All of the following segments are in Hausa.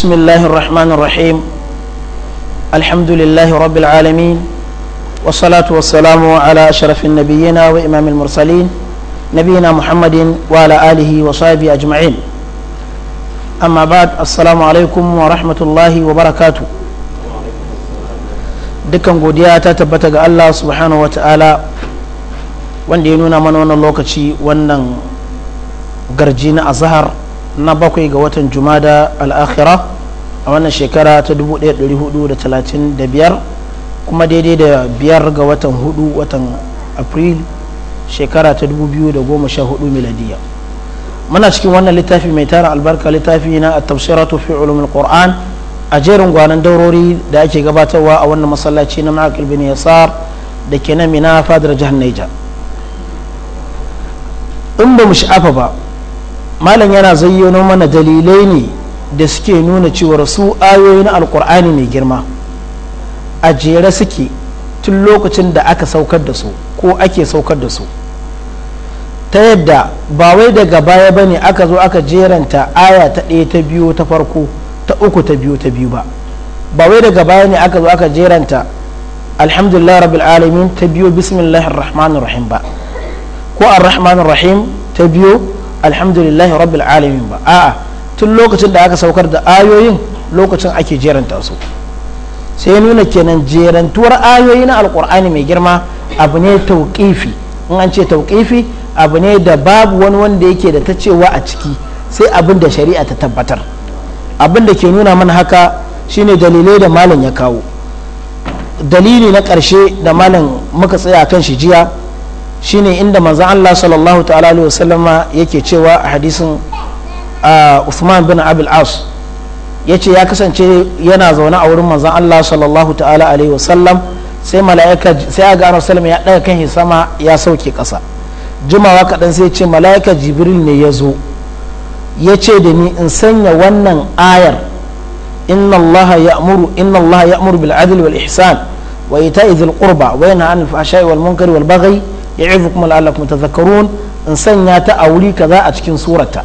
بسم الله الرحمن الرحيم الحمد لله رب العالمين والصلاة والسلام على أشرف النبيين وإمام المرسلين نبينا محمد وعلى آله وصحبه أجمعين أما بعد السلام عليكم ورحمة الله وبركاته dukkan godiya ta tabbata ga Allah subhanahu wata'ala wanda ya nuna mana wannan lokaci wannan garji na azhar na bakwai ga watan jumada al'akhira a wannan shekara ta 1435 kuma daidai da biyar ga watan hudu watan april shekara ta 2014 miladiya muna cikin wannan littafi mai tara albarka littafi na a tafsiratu fi ulumin qur'an a jerin gwanan daurori da ake gabatarwa a wannan masallaci na ma'akil bin yasar da ke na mina fadar jihar naija in ba mu sha'afa ba malam yana zayyano mana dalilai ne da suke nuna cewar su ayoyi na alkur'ani mai girma a jere suke tun lokacin da aka saukar da su ko ake saukar da su ta yadda ba wai daga baya ba ne aka zo aka jeranta aya ta ɗaya ta biyu ta farko ta uku ta biyu ta biyu ba ba wai daga baya ne aka zo aka jeranta alhamdulillah rabbil alamin ta biyo bismillahir rahmanir rahim ba ko ar rahim ta biyo. alhamdulillahi rabbil alamin ba a'a tun lokacin da aka saukar da ayoyin lokacin ake jeranta su sai nuna kenan jerantuwar ayoyi na alkur'ani mai girma abu ne tauƙifi in an ce tauƙifi abu ne da babu wani wanda yake da ta cewa a ciki sai abin da shari'a ta tabbatar abin da ke nuna mana haka shine dalilai da malam ya kawo dalili na ƙarshe da malam muka tsaya kan shi jiya shine inda manzan Allah sallallahu ta'ala alaihi yake cewa a hadisin Uthman bin Abil As yace ya kasance yana zaune a wurin manzan Allah sallallahu ta'ala alaihi wasallam sai mala'ika sai ga Annabi sallallahu ya daga kan sama ya sauke kasa jimawa kaɗan sai ce mala'ika jibril ne ya zo ya ce da ni in sanya wannan ayar inna allah ya'muru inna Allah ya'muru bil adli wal ihsan wa ita'i dhil qurba wa yanha 'anil fahsha'i wal munkari wal baghi kuma ya'izukum la'allakum tadhakkarun in sanya ta a wuri kaza a cikin surata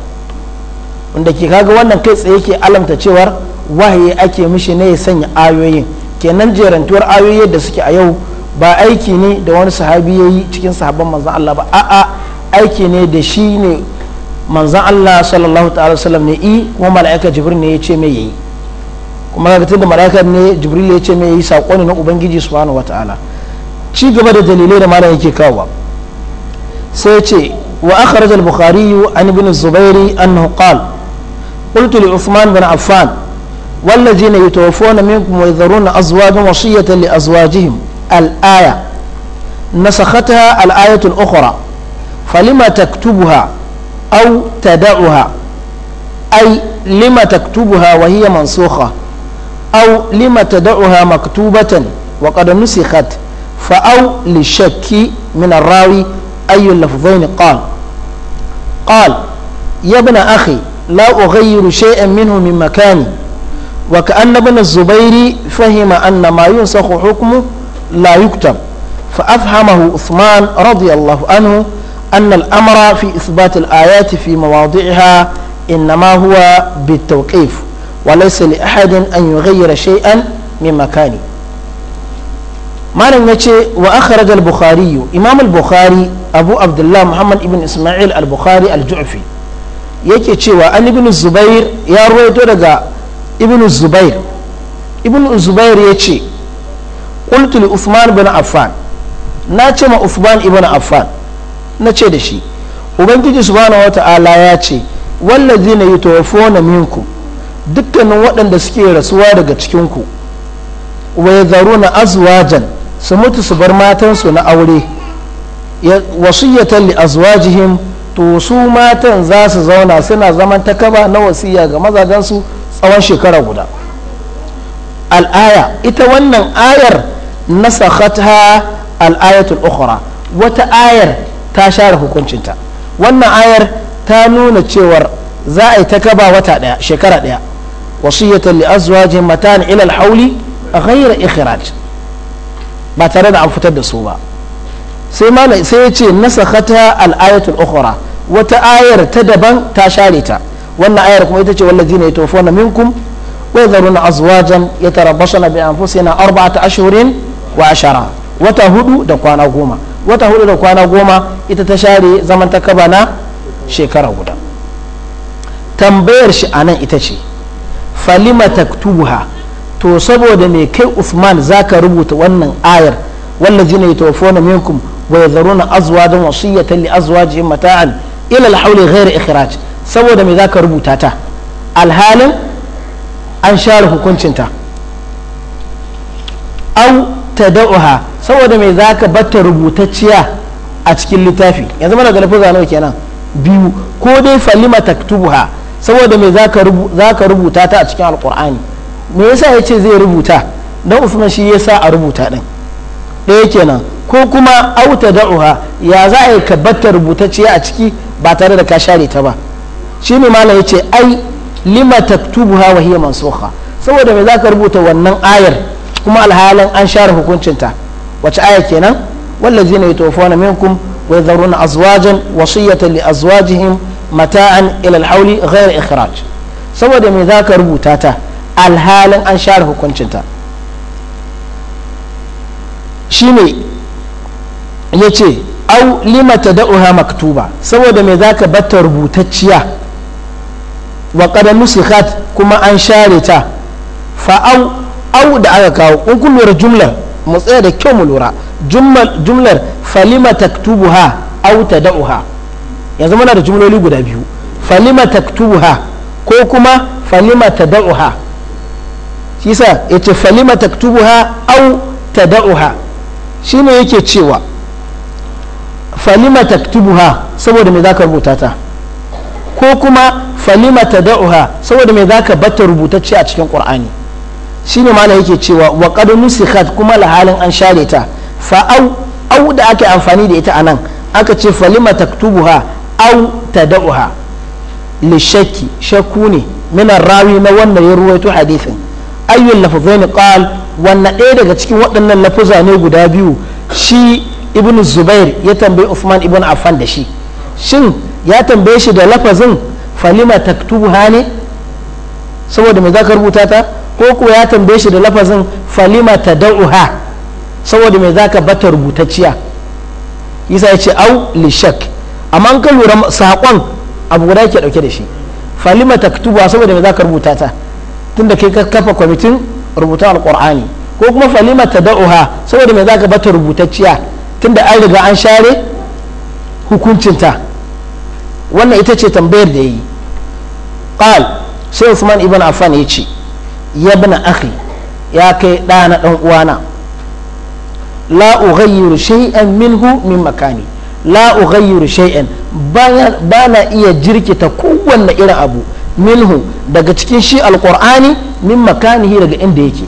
wanda ke kaga wannan kai tsaye ke alamta cewar wahayi ake mishi ne ya sanya ayoyin kenan jerantuwar ayoyin da suke a yau ba aiki ne da wani sahabi ya yi cikin sahabban manzan Allah ba a'a aiki ne da shi ne manzan Allah sallallahu ta'ala wasallam ne i kuma mala'ika jibril ne ya ce mai yayi kuma ga tunda mala'ika ne jibril ya ce mai yayi sako ne na ubangiji subhanahu wa ta'ala ci gaba da dalilai da malam yake kawo sai ce wa akhraj al-bukhari an ibn zubairi annahu qala qultu li uthman bin affan والذين يتوفون منكم ويذرون أزواجا وصية لأزواجهم الآية نسختها الآية الأخرى فلما تكتبها أو تدعها أي لما تكتبها وهي منسوخة أو لما تدعها مكتوبة وقد نسخت فأو للشك من الراوي أي اللفظين قال قال يا ابن أخي لا أغير شيئا منه من مكاني وكأن ابن الزبير فهم أن ما ينسخ حكمه لا يكتب فأفهمه عثمان رضي الله عنه أن الأمر في إثبات الآيات في مواضعها إنما هو بالتوقيف وليس لأحد أن يغير شيئا من مكانه malam ya ce wa akhraj al-bukhari imam al-bukhari abu abdullah muhammad ibn isma'il al-bukhari al-ju'fi yake cewa an ibn zubair ya rawaito daga ibn zubair ibn zubair ya ce qultu li usman bin affan na ce ma usman ibn affan na ce da shi ubangiji subhanahu wata'ala ya ce wallazina yutawaffawna minkum dukkanin waɗanda suke rasuwa daga cikinku wa yadharuna azwajan su mutu su bar matansu na aure wasiyyatan li azwajihim to su matan za su zauna suna zaman takaba na wasiya ga mazajensu tsawon shekara guda al'aya ita wannan ayar na nasakhatha al'ayatul ukhra wata ayar ta share hukuncinta wannan ayar ta nuna cewar za a yi takaba wata daya shekara daya wasiyatan li azwajihim matan ila al-hawli ghayra ikhraj ba tare da an fitar da su ba sai malai sai ya ce nasakhata al ukhra wata ayar ta daban ta share ta wannan ayar kuma ita ce wallazina yatawaffawna minkum wa yadharuna azwajan yatarabbasuna bi anfusina arba'ata ashhurin wa ashara wata hudu da kwana goma wata hudu da kwana goma ita ta share zaman ta kaba na shekara guda tambayar shi anan ita ce falima taktubuha to saboda me kai Uthman zaka rubuta wannan ayar wallazina yatawaffawna minkum wa yadharuna azwajan wasiyatan li azwajihim mata'an ila al-hawli ghayra ikhraj saboda me zaka rubuta ta alhalin an share hukuncinta au tada'uha saboda me zaka batta rubutacciya a cikin littafi yanzu mana da nawa kenan biyu ko dai falima taktubuha saboda me zaka rubuta ta a cikin alqur'ani me yasa ya ce zai rubuta don usman shi yasa a rubuta din ɗaya kenan ko kuma auta uha ya za a yi kabbata rubutacciya a ciki ba tare da ka share ta ba shi ne malam ya ce ai lima taktubuha wa hiya mansukha saboda me zaka rubuta wannan ayar kuma alhalin an share hukuncinta wace aya kenan wallazina yatawaffawna minkum wa yadharuna azwajan wasiyatan li azwajihim mata'an ila al-hawli ghayra ikhraj saboda me zaka rubuta ta alhalin an share hukuncinta shi ne ya ce au limata da'uha maktuba saboda mai za ka bata rubutacciya wa ƙadar nusikat kuma an share ta fa'au au da aka kawo in kun lura jumlar mu tsaya da kyau mu lura jumlar falima taktubuha au ta tada'uha yanzu muna da jumloli guda biyu falima taktubuha ko kuma falima uha shi ya ce falima ha au ta shi ne yake cewa falima ha saboda me ka rubuta ta ko kuma falima ta ha saboda me zaka batta rubutacce a cikin shi shine mana yake cewa wa qad sikhat kuma lahalin an share ta fa au da ake amfani da ita a nan aka ce falima ha au ta ha lishakki shakku ne minan rawi na wannan ya ruwaito hadithin ayyul lafazain qal wannan ɗaya daga cikin waɗannan lafuza ne guda biyu shi ibnu zubair ya tambayi usman ibn affan da shi shin ya tambaye shi da lafazin falima taktubu ne saboda me zaka rubuta ta ko kuwa ya tambaye shi da lafazin falima tadauha saboda me zaka bata rubutacciya isa ya ce au li shak amma ka lura saƙon abu guda ke ɗauke da shi falima taktubu saboda me zaka rubuta ta tun da kai ka kafa kwamitin rubuta alkur'ani ko kuma falima ta da'uha saboda me zaka bata rubutacciya da an riga an share hukuncinta wannan ita ce tambayar da yi qal sai Usman ibn Affan ya ce yabna akhi ya kai ɗa na ɗan uwana la ughayyiru shay'an minhu min makani la ughayyiru shay'an ba na iya jirkita kowanne irin abu minhu daga cikin shi alkur'ani min makanihi daga inda yake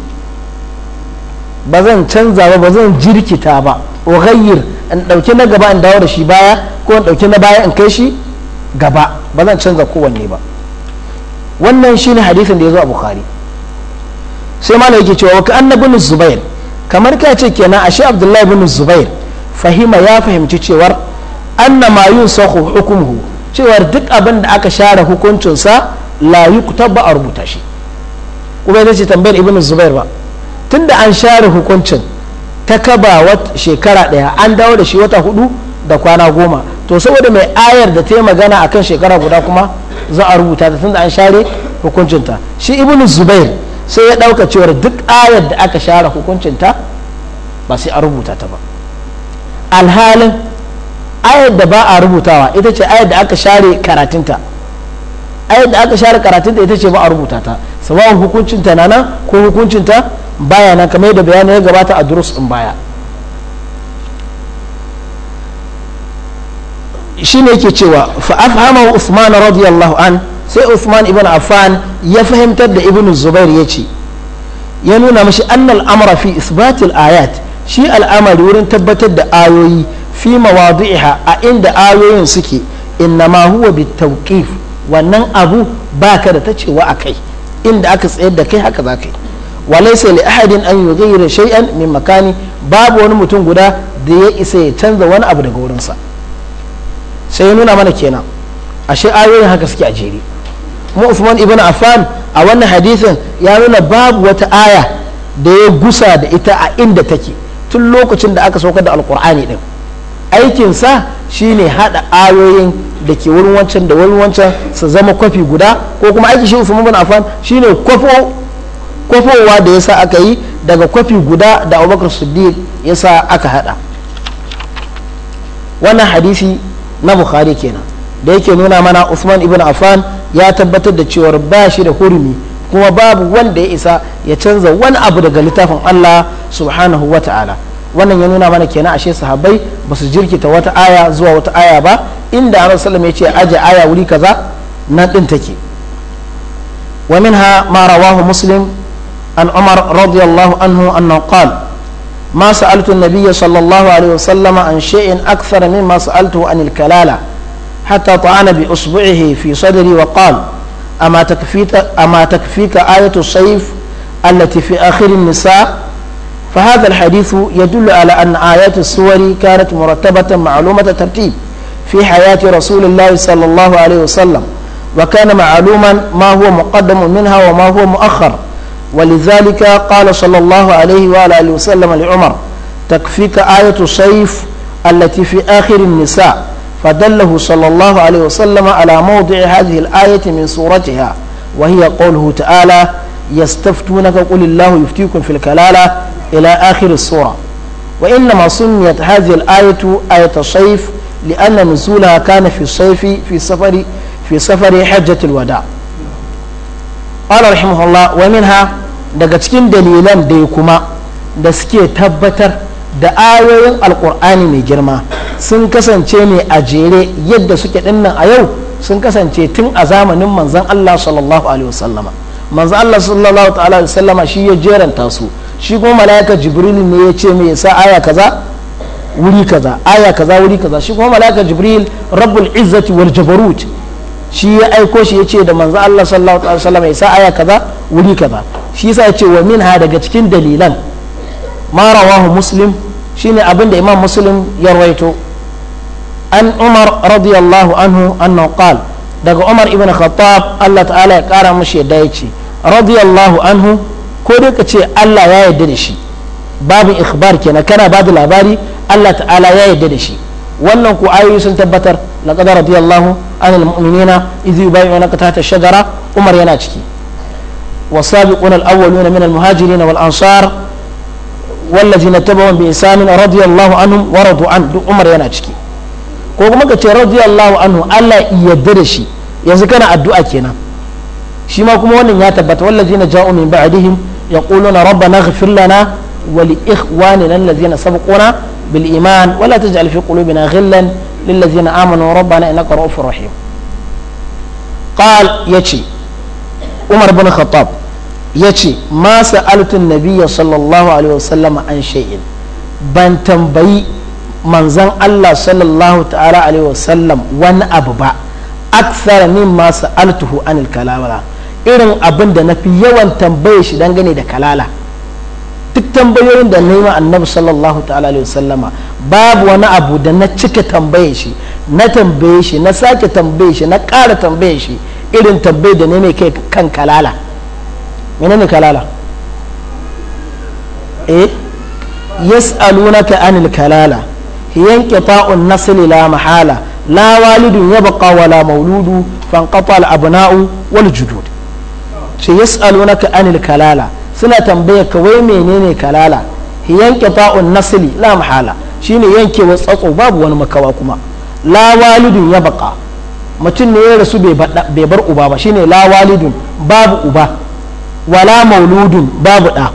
ba zan canza ba ba zan jirkita ba ughayyir in ɗauki na gaba in dawo da shi baya ko in ɗauki na baya in kai shi gaba ba zan canza kowanne ba wannan shine hadisin da ya zo a bukhari sai malam yake cewa ka annabi zubair kamar ka ce kenan ashe abdullahi bin zubair fahima ya fahimci cewar annama yusahu yunsahu hukumuhu cewar duk abin da aka share hukuncinsa la yuktab a rubuta shi kuma ita ce tambayar ibn zubair ba tunda an share hukuncin ta kaba shekara daya an dawo da shi wata hudu da kwana goma to saboda mai ayar da ta yi magana akan shekara guda kuma za a rubuta ta tunda an share hukuncinta shi ibn zubair sai ya ɗauka cewar duk ayar da aka share hukuncinta ba sai a rubuta ta ba alhalin ayar da ba a rubutawa ita ce ayar da aka share karatunta ayar da aka share karatunta ita ce ba a rubuta ta sabawun hukuncinta na nan ko hukuncinta baya nan kamar da bayanin ya gabata a durus in baya shi ne yake cewa fa'afhama usman radiyallahu an sai usman ibn affan ya fahimtar da ibn zubair ya ce ya nuna mashi annal amra fi isbatil ayat shi al'amari wurin tabbatar da ayoyi fi mawadi'iha a inda ayoyin suke ma huwa bitawqif wannan abu baka da ta cewa akai inda aka tsayar da kai haka zakai walaysa li ahadin an yughayyira shay'an min makani babu wani mutum guda da ya isa ya canza wani abu daga wurinsa sai nuna mana kenan ashe ayoyin haka suke a jere mu Usman ibn Affan a wannan hadisin ya nuna babu wata aya da ya gusa da ita a inda take tun lokacin da aka saukar da alkur'ani din aikinsa shine hada ayoyin da ke wurin wancan da wurin wancan su zama kwafi guda ko kuma aiki shi usman bin affan shine kwafowa da yasa aka yi daga kwafi guda da abubakar siddiq yasa aka hada wannan hadisi na bukhari kenan da yake nuna mana usman ibn affan ya tabbatar da cewar ba shi da hurumi kuma babu wanda ya isa ya canza wani abu daga littafin allah subhanahu wa ta'ala wannan ya nuna mana kenan ashe sahabbai ba su jirkita wata aya zuwa wata aya ba inda annabi sallallahu alaihi wasallam ya ce aje aya wuri kaza nan din take wa minha ma rawahu muslim an umar radiyallahu anhu annahu qala ما سألت النبي صلى الله عليه وسلم عن شيء أكثر مما سألته عن الكلالة حتى طعن بإصبعه في صدري وقال أما تكفيك, أما تكفيك آية الصيف التي في آخر النساء فهذا الحديث يدل على أن آيات السور كانت مرتبة معلومة ترتيب في حياة رسول الله صلى الله عليه وسلم وكان معلوما ما هو مقدم منها وما هو مؤخر ولذلك قال صلى الله عليه وآله وسلم لعمر تكفيك آية الصيف التي في آخر النساء فدله صلى الله عليه وسلم على موضع هذه الآية من صورتها وهي قوله تعالى يستفتونك قل الله يفتيكم في الكلالة إلى آخر السورة وإنما سميت هذه الآية آية الصيف لأن نزولها كان في الصيف في سفر في سفر حجة الوداع قال رحمه الله ومنها daga cikin dalilan دسكي تبتر kuma da suke tabbatar da ayoyin alkur'ani mai girma sun kasance ne a jere yadda suke dinnan a yau sun kasance tun a zamanin manzan Allah sallallahu alaihi wasallama manzan Allah sallallahu alaihi wasallama shi ya jeranta su shi kuma mala'ika jibril ne ya ce mai sa aya kaza wuri kaza aya kaza wuri kaza shi kuma mala'ika jibril rabbul izzati wal jabarut shi ya aiko shi ya ce da manzo Allah sallallahu alaihi wasallam ya sa aya kaza wuri kaza shi yasa ya ce wa min ha daga cikin dalilan ma rawahu muslim shine abin da imam muslim ya rawaito an umar radiyallahu anhu annahu qala daga umar ibn khattab Allah ta'ala ya kara mushi da yace radiyallahu anhu ko dai ka ce Allah ya yarda da shi babu ikhbar kenan kana ba da labari Allah ta'ala ya yarda da shi wannan ku ayoyi sun tabbatar laqad radiyallahu anil mu'minina idh yubayyi'unaka tahta shajara Umar yana ciki والسابقون الأولون من المهاجرين والأنصار والذين اتبعهم بإحسان رضي الله عنهم ورضوا عنه duk Umar yana ciki ko kuma ka radiyallahu anhu Allah yarda da shi yanzu kana addu'a kenan shi ma kuma wannan ya tabbata wallazina ja'u min ba'dihim يقولون ربنا اغفر لنا ولإخواننا الذين سبقونا بالإيمان ولا تجعل في قلوبنا غلا للذين آمنوا ربنا إنك رؤوف رحيم قال يتشي عمر بن الخطاب يتشي ما سألت النبي صلى الله عليه وسلم عن شيء تنبي من زن الله صلى الله تعالى عليه وسلم وان ba aksara اكثر مما سالته عن الكلام irin abin da na fi yawan tambaye shi dangane da kalala duk tambayoyin da nema annabi sallallahu ta'ala alaihi wasallama babu wani abu da na cika tambaye shi na tambaye shi na sake tambaye shi na ƙara tambaye shi irin tambaye da ne mai kai kan kalala menene kalala eh yas'alunaka anil kalala yanqita'un nasli la mahala la walidun yabqa wala mauludu fanqata al abna'u wal judud ce yas'alunaka anil kalala suna tambaya ka wai menene kalala yanke taun nasili la mahala shine yankewa tsatso babu wani makawa kuma la walidun ya baka mutum ne ya rasu bai bar uba ba shine la walidun babu uba wala mauludun babu ɗa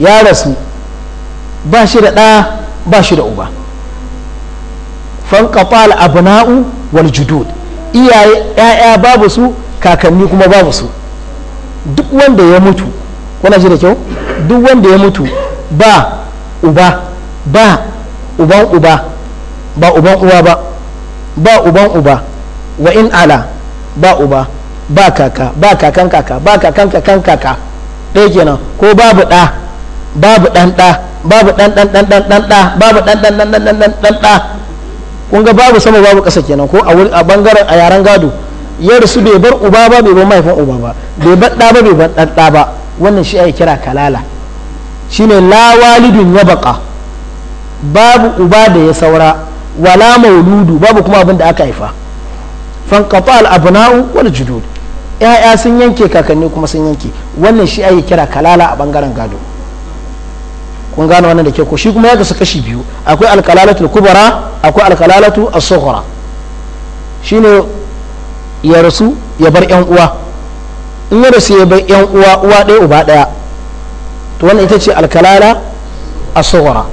ya rasu ba shi da ɗa ba shi da uba fanka abna'u wal judud iyaye ‘ya'ya babu su kakanni kuma babu su duk wanda ya mutu kuna ji da kyau duk wanda ya mutu ba uba ba uban uba ba uban uwa ba ba uban uba wa in ala ba uba ba kaka ba kakan kaka ba kakan kakan kaka ɗaya kenan ko babu ɗa babu ɗan ɗa babu ɗan ɗan ɗan ɗan ɗan ɗa babu ɗan ɗan ɗan ɗan ɗan ɗan ɗa kun ga babu sama babu ƙasa kenan ko a bangaren a yaren gado ya rasu bai bar uba ba bai bar mahaifin uba ba bai bar ɗa ba bai bar ɗaɗɗa ba wannan shi ake kira kalala shine la walidun ya baka babu uba da ya saura wala mauludu babu kuma abin da aka haifa fanqata al abna'u wal judud ya'ya sun yanke kakanni kuma sun yanke wannan shi ake kira kalala a bangaren gado kun gano wannan da ke ko shi kuma ya kasu kashi biyu akwai alkalalatu kubra akwai alkalalatu as shi shine ya rasu ya bar yan uwa in ya rasu ya bar yan uwa uwa ɗaya uba ɗaya to wannan ita ce alkalala a tsohora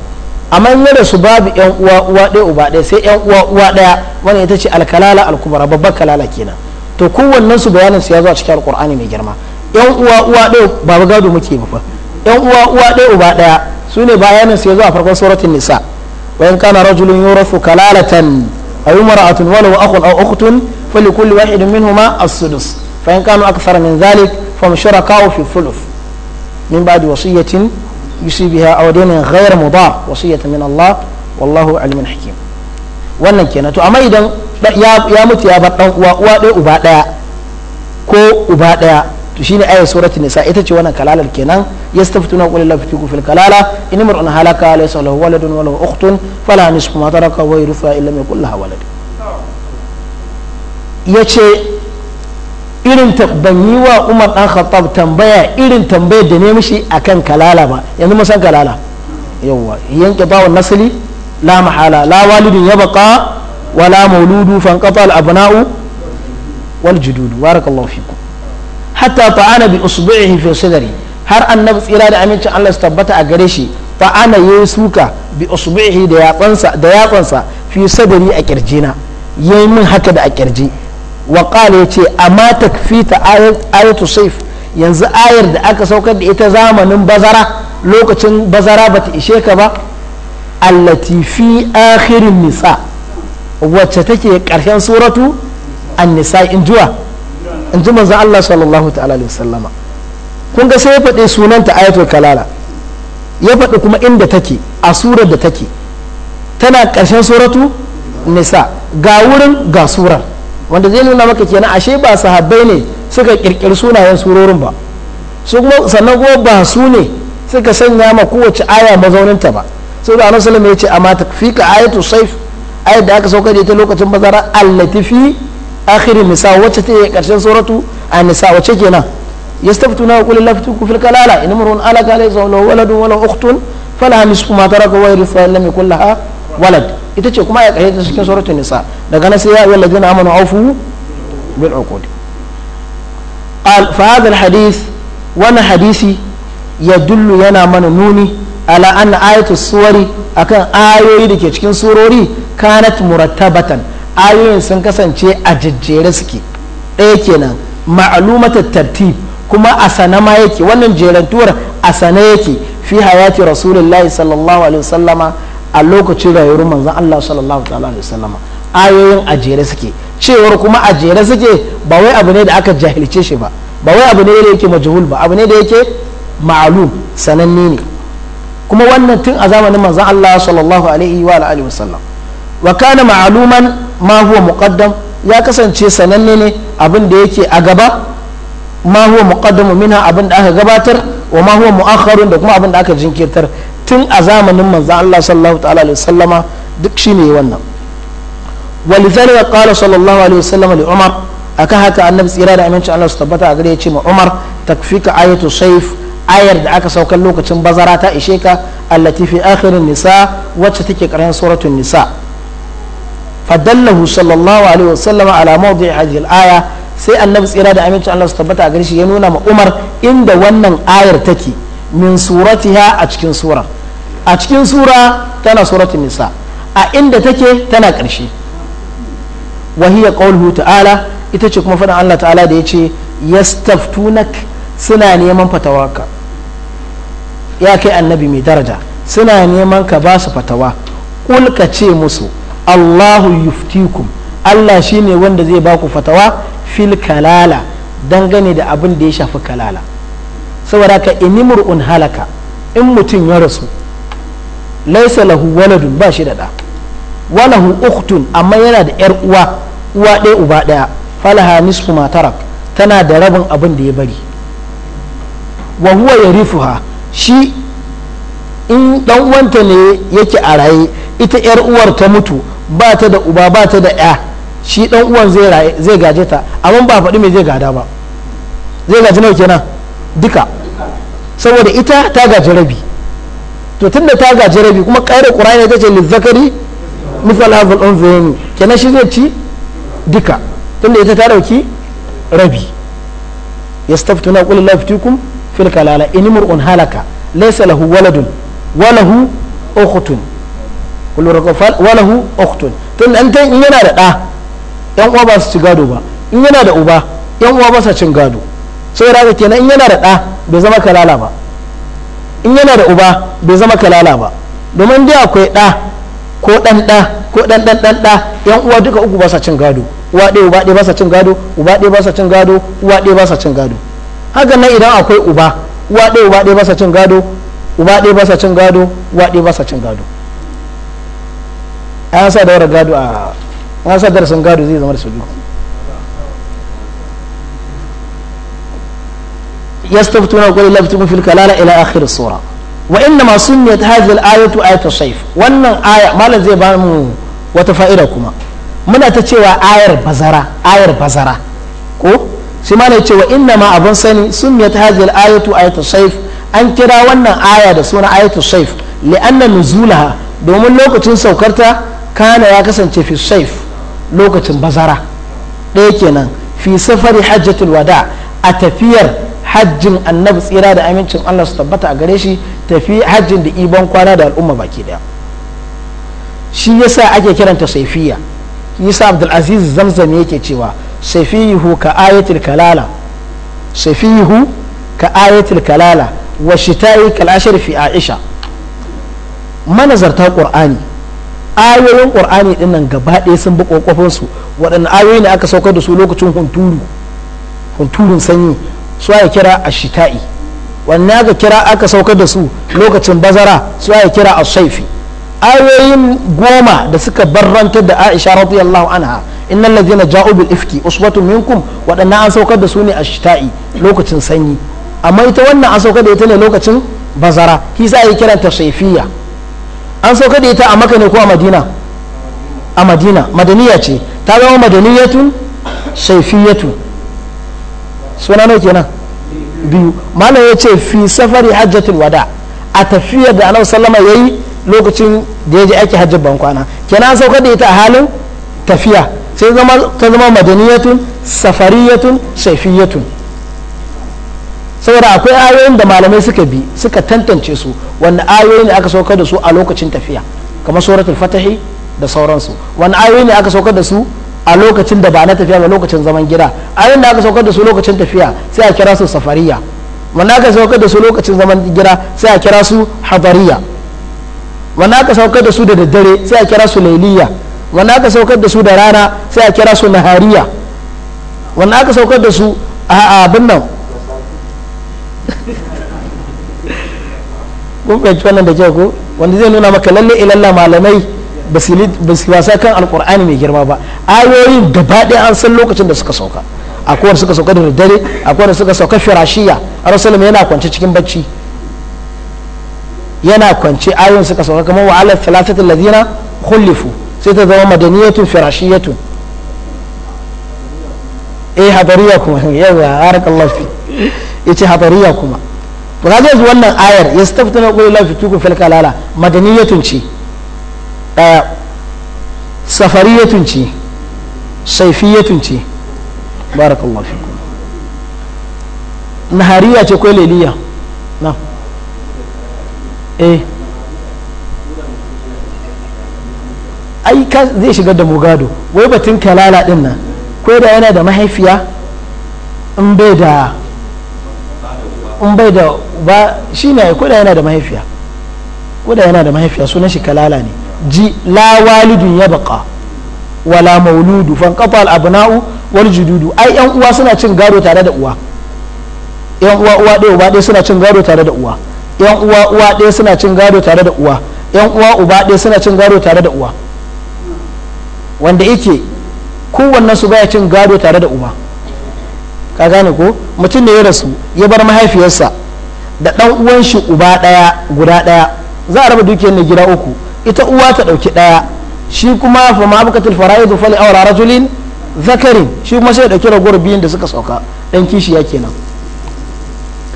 amma in ya rasu babu yan uwa uwa ɗaya uba ɗaya sai yan uwa uwa ɗaya wannan ita ce alkalala alkubara babbar kalala kenan to kowannen su bayanin su ya zo a cikin alkur'ani mai girma yan uwa uwa ɗaya ba gado muke ba yan uwa uwa ɗaya uba ɗaya su ne bayanin su ya zo a farkon suratun nisa wa in kana rajulun yurafu kalalatan ayu mara'atun walau akhun aw ukhtun فلكل واحد منهما السدس فإن كانوا أكثر من ذلك فهم شركاء في الثلث من بعد وصية يسي بها أو دين غير مضار وصية من الله والله علم حكيم wannan kenan to amma idan ya mutu ya bar dan uwa uwa ɗaya uba ɗaya ko uba ɗaya to shine ayar suratul nisa ita ce wannan kalalar kenan yastaftuna qul la fitiku fil kalala in mar'un halaka laysa lahu waladun wa lahu ukhtun fala nisfu ma taraka wa yurithu illa ma yakul lahu walad ya ce irin ban yi wa umar dan khattab tambaya irin tambayar da ne mishi akan kalala ba yanzu mun san kalala yawa yanke bawon nasli la mahala la walidin ya baka wala mauludu fanqata al abna'u wal jududu barakallahu fikum hatta ta'ana bi usbu'ihi fi sadri har annabi tsira da amincin Allah su tabbata a gare shi ta'ana yayi suka bi usbu'ihi da yatsansa da yatsansa fi sadri a kirjina yayi min haka da a kirji wa ya ce amma takfita to saif yanzu ayar da aka saukar da ita zamanin bazara lokacin bazara ba ta ishe ka ba allati fi akhirin nisa wacce take karshen suratu an nisa in juwa in ji manzo Allah sallallahu ta'ala alaihi wasallama kun ga sai ya faɗi sunanta ayatul kalala ya faɗi kuma inda take a surar da take tana karshen suratu nisa ga wurin ga surar wanda zai nuna maka kenan ashe ba sahabbai ne suka kirkiri sunayen surorin ba sannan kuma ba su ne suka sanya ma kowace aya mazauninta ba sai da annabi sallallahu ya ce amma takfika ayatu saif ayat da aka sauka da ita lokacin bazara allati fi akhiri nisa wacce ta yi karshen suratu a nisa wacce kenan yastaftuna qul la fituku fil kalala in murun alaka laysa lahu waladun wala ukhtun fala nisfu ma taraka wa irsa lam yakul laha walad ita ce kuma ya tsaye ta cikin suratul nisa daga nan sai ya yi ladina amanu aufu bil uqud al fa hadha al hadith wannan hadisi yadullu yana mana nuni ala anna ayatu suwari akan ayoyi da ke cikin surori kanat murattabatan ayoyin sun kasance a jajjere suke ɗaya kenan ma'alumatar tartib kuma a sana ma yake wannan jerantuwar a sana yake fi hayati rasulullahi sallallahu alaihi wasallama a lokacin rayuwar manzon Allah sallallahu ta'ala da sallama ayoyin ajere suke cewar kuma ajere suke ba wai abu ne da aka jahilce shi ba ba wai abu ne da yake majhul ba abu ne da yake ma'lum sananne ne kuma wannan tun a zamanin manzon Allah sallallahu alaihi wa alihi sallam wa kana ma'luman ma huwa muqaddam ya kasance sananne ne abin da yake a gaba ma huwa muqaddam minha abin da aka gabatar wa ma huwa mu'akhkharun da kuma abin da aka jinkirtar tun a zamanin manzan Allah sallallahu ta'ala alaihi Sallama duk shine wannan ولذلك Sallallahu Alaihi الله عليه Umar a akan haka annabi tsira da amincin Allah su tabbata a gare ya ce ma Umar takfika ayatu sayf ayar da aka saukar lokacin bazara ta ishe ka allati fi akhirin nisa wacce take karyan suratul nisa fadallahu sallallahu alaihi Wasallama ala mawdi'i hadhihi al-aya sai annabi tsira da amincin Allah su tabbata a gare shi ya nuna ma Umar inda wannan ayar take min suratiha a cikin surar a cikin sura tana suratun nisa a inda take tana ƙarshe wahiya qawluhu ta'ala ita ce kuma faɗin Allah ta'ala da ya staftunak suna neman ka. ya kai annabi mai daraja suna neman ka ba su fatawa kul ce musu Allahu yuftikum Allah shi ne wanda zai ba ku fatawa fil kalala dangane da abin da ya shafi kalala saboda ka inimur'un halaka in mutum ya rasu laisa lahu waladun ba shi da ɗa walahu uktun amma yana da yar uwa uwa ɗaya uba ɗaya falaha nisfu ma tarak tana da rabin abin da ya bari wa huwa yarifuha shi in dan uwanta ne yake a raye ita yar uwar ta mutu ba ta da uba ba ta da ya shi dan uwan zai zai gaje ta amma ba faɗi mai zai gada ba zai gaji nawa kenan duka saboda ita ta gaji rabi to tun da ta gaji rabi kuma ƙarar ƙur'ani ta ce lizzakari misal hazal unzayni kenan shi zai ci duka da ita ta dauki rabi yastaftuna qul la yuftikum fil kalala in mar'un halaka laysa lahu waladun wa lahu ukhtun qul raqafal wa lahu ukhtun tun an in yana da da yan uwa ba su ci gado ba in yana da uba yan uwa ba su cin gado sai raga kenan in yana da da bai zama kalala ba in yana da uba bai zama kalala ba domin dai akwai ɗa ko ɗan ɗa ko ɗan ɗan ɗan ɗa yan uwa duka uku ba sa cin gado uwa ɗaya uba ɗaya ba sa cin gado uba ɗaya ba sa cin gado uwa ɗaya ba sa cin gado haka nan idan akwai uba uwa ɗaya uba ɗaya ba sa cin gado uba ɗaya ba sa cin gado uwa ɗaya ba sa cin gado an sa da gado a an sa darasin gado zai zama da su biyu يستبتون وقل لا يبتون في الكلالة إلى آخر الصورة وإنما سميت هذه الآية آية الصيف وأن آية ما لزي بانمو وتفائركما من أتتشوى آية بزرة آية بزرة كو سمعنا يتشوى إنما أبن سني سميت هذه الآية آية الصيف أن كرا وأن آية دسونا آية الصيف لأن نزولها domin lokacin saukarta kana ya kasance fi saif lokacin bazara ɗaya kenan fi safari hajjatul wada a tafiyar hajjin annabi tsira da amincin Allah su tabbata a gare shi tafi hajjin da iban kwana da al'umma baki daya shi yasa ake kiranta saifiya yasa abdulaziz zamzam yake cewa saifihu ka ayatul kalala saifihu ka ayatul kalala wa shita'i kal fi aisha manazartar qur'ani ayoyin qur'ani din nan gaba ɗaya sun bi kokofin su waɗanne ayoyi ne aka saukar da su lokacin hunturu hunturun sanyi su ya kira a shita'i, wanne aka kira aka saukar da su lokacin bazara su ya kira a saifi ayoyin goma da suka barrantar da aisha radiyallahu anha innal ladina ja'u bil ifki usbatun minkum wadanna an saukar da su ne a shita'i? lokacin sanyi amma ita wannan an saukar da ita ne lokacin bazara shi sa ya kira ta saifiya an saukar da ita a maka ne ko a madina a madina madaniya ce ta zama madaniyatun saifiyatun suna nawa kenan biyu malam ya ce fi safari hajjatul wada a tafiyar da annabi sallama yi lokacin da ya je aiki hajjar ban kwana kenan saukar da ita a halin tafiya sai ta zama madaniyatun safariyatun shafiyatun saboda akwai ayoyin da malamai suka bi suka tantance su wanda ayoyi ne aka saukar da su a lokacin tafiya kamar suratul fatahi da sauransu wanda ayoyi ne aka saukar da su a lokacin da ba na tafiya ba lokacin zaman gida ayoyin da aka saukar da su lokacin tafiya sai a kira su safariya wanda aka saukar da su lokacin zaman gida sai a kira su hadariya wanda aka saukar da su da daddare sai a kira su lailiya wanda aka saukar da su da rana sai a kira su nahariya wanda aka saukar da su a abin nan kun fahimci wannan da kyau ko wanda zai nuna maka lalle ilalla malamai ba su wasa kan alkur'ani mai girma ba ayoyin gaba ɗaya an san lokacin da suka sauka akwai wanda suka sauka da daddare akwai wanda suka sauka firashiya rasulullah yana kwance cikin bacci yana kwance ayoyin suka sauka kamar wa ala thalathatul ladina khulifu sai ta zama madaniyatun firashiyatun eh hadariya kuma yawa harakallahu fi yace hadariya kuma to kaga wannan ayar yastaftuna qul la fitukum fil kalala madaniyatun ce ɗaya safariyatun ce saifiyatun ce barakallahu fikum nahariya ce ko leliya na eh ai zai shigar da mugado wai batun kalala din nan ko da yana da mahaifiya in bai da in bai da ba shine ko da yana da mahaifiya ko da yana da mahaifiya sunan shi kalala ne ji la walidun ya baka wala mauludu fan kafa al'abna'u wal jududu ai yan uwa suna cin gado tare da uwa yan uwa uwa ɗaya uba ɗaya suna cin gado tare da uwa yan uwa uwa ɗaya suna cin gado tare da uwa yan uwa uba ɗaya suna cin gado tare da uwa wanda yake kowannen su baya cin gado tare da uba ka gane ko mutum ne ya rasu ya bar mahaifiyarsa da ɗan uwan shi uba ɗaya guda ɗaya za a raba dukiyar na gida uku ita uwa ta ɗauki ɗaya shi kuma fa ma abukatul fara'idu fali awra rajulin zakarin shi kuma sai ya ɗauki ragowar biyun da suka sauka ɗan kishiya kenan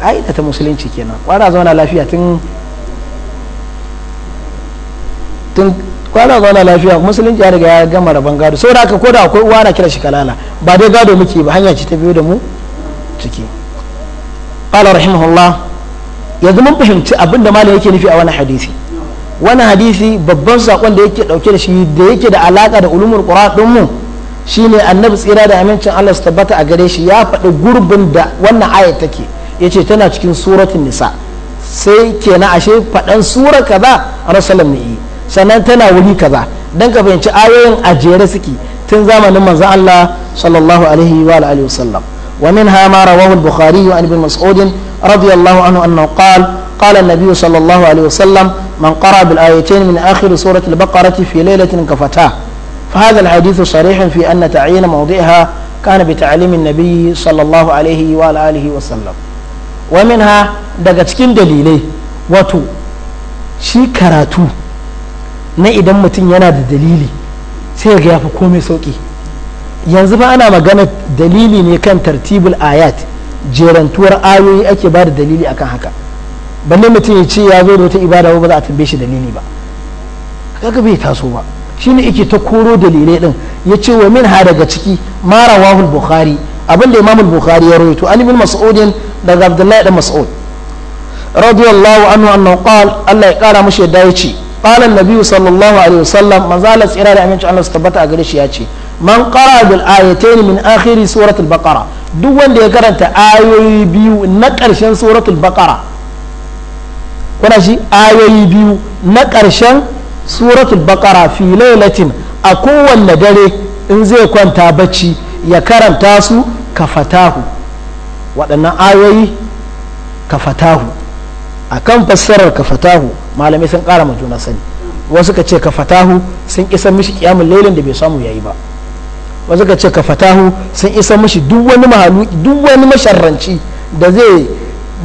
ka'ida ta musulunci kenan kwana zauna lafiya tun tun kwana zauna lafiya musulunci ya riga ya gama rabon gado saboda haka ko da akwai uwa na kira shi kalala ba dai gado muke ba hanya ce ta biyo da mu ciki qala rahimahullah yanzu mun fahimci abin da malam yake nufi a wani hadisi wani hadisi babban sakon da yake dauke da shi da yake da alaka da ulumul qur'an din mu shine annabi tsira da amincin Allah tabbata a gare shi ya faɗi gurbin da wannan ayat take yace tana cikin suratun nisa sai kenan ashe faɗan sura kaza rasulun ne yi sannan tana wuri kaza dan ka fahimci ayoyin a jere suke tun zamanin manzon Allah sallallahu alaihi wa alihi wasallam ومنها ما رواه البخاري عن ابن مسعود رضي الله عنه قال قال النبي صلى الله عليه وسلم من قرأ بالآيتين من آخر سورة البقرة في ليلة كفتاه فهذا الحديث صريح في أن تعيين موضعها كان بتعليم النبي صلى الله عليه وآله وسلم ومنها دقتكين دليلي واتو شي كراتو na idan mutum yana da dalili sai ga ya fi komai sauki yanzu ba ana magana dalili ne kan tartibul ayat jerantuwar ayoyi ake ba da dalili akan haka balle mutum ya ce ya zo da wata ibada ba za a tambaye shi dalili ba kaga bai taso ba shine yake ta koro dalilai din ya ce wa min ha daga ciki Mara rawahul bukhari abin da imamul bukhari ya rawaito Ali bin mas'udin daga abdullahi dan mas'ud radiyallahu anhu annahu qala Allah ya kara mushi yadda yace qala an sallallahu alaihi wasallam manzala tsira da aminci Allah su tabbata a gare shi ce man qara bil ayatayn min akhir suratul baqara duk wanda ya karanta ayoyi biyu na karshen suratul baqara kuna shi ayoyi biyu na ƙarshen suratul baqara fi lailatin a kowanne dare in zai kwanta bacci ya karanta su ka fatahu waɗannan ayoyi ka fatahu a kan fassarar ka fatahu malamai sun ƙara ma juna sani wasu ka ce ka fatahu sun isa mishi ƙiyamun lailin da bai samu ya yi ba wasu ka ce ka fatahu sun isa mishi duk wani mahalu duk wani masharranci da zai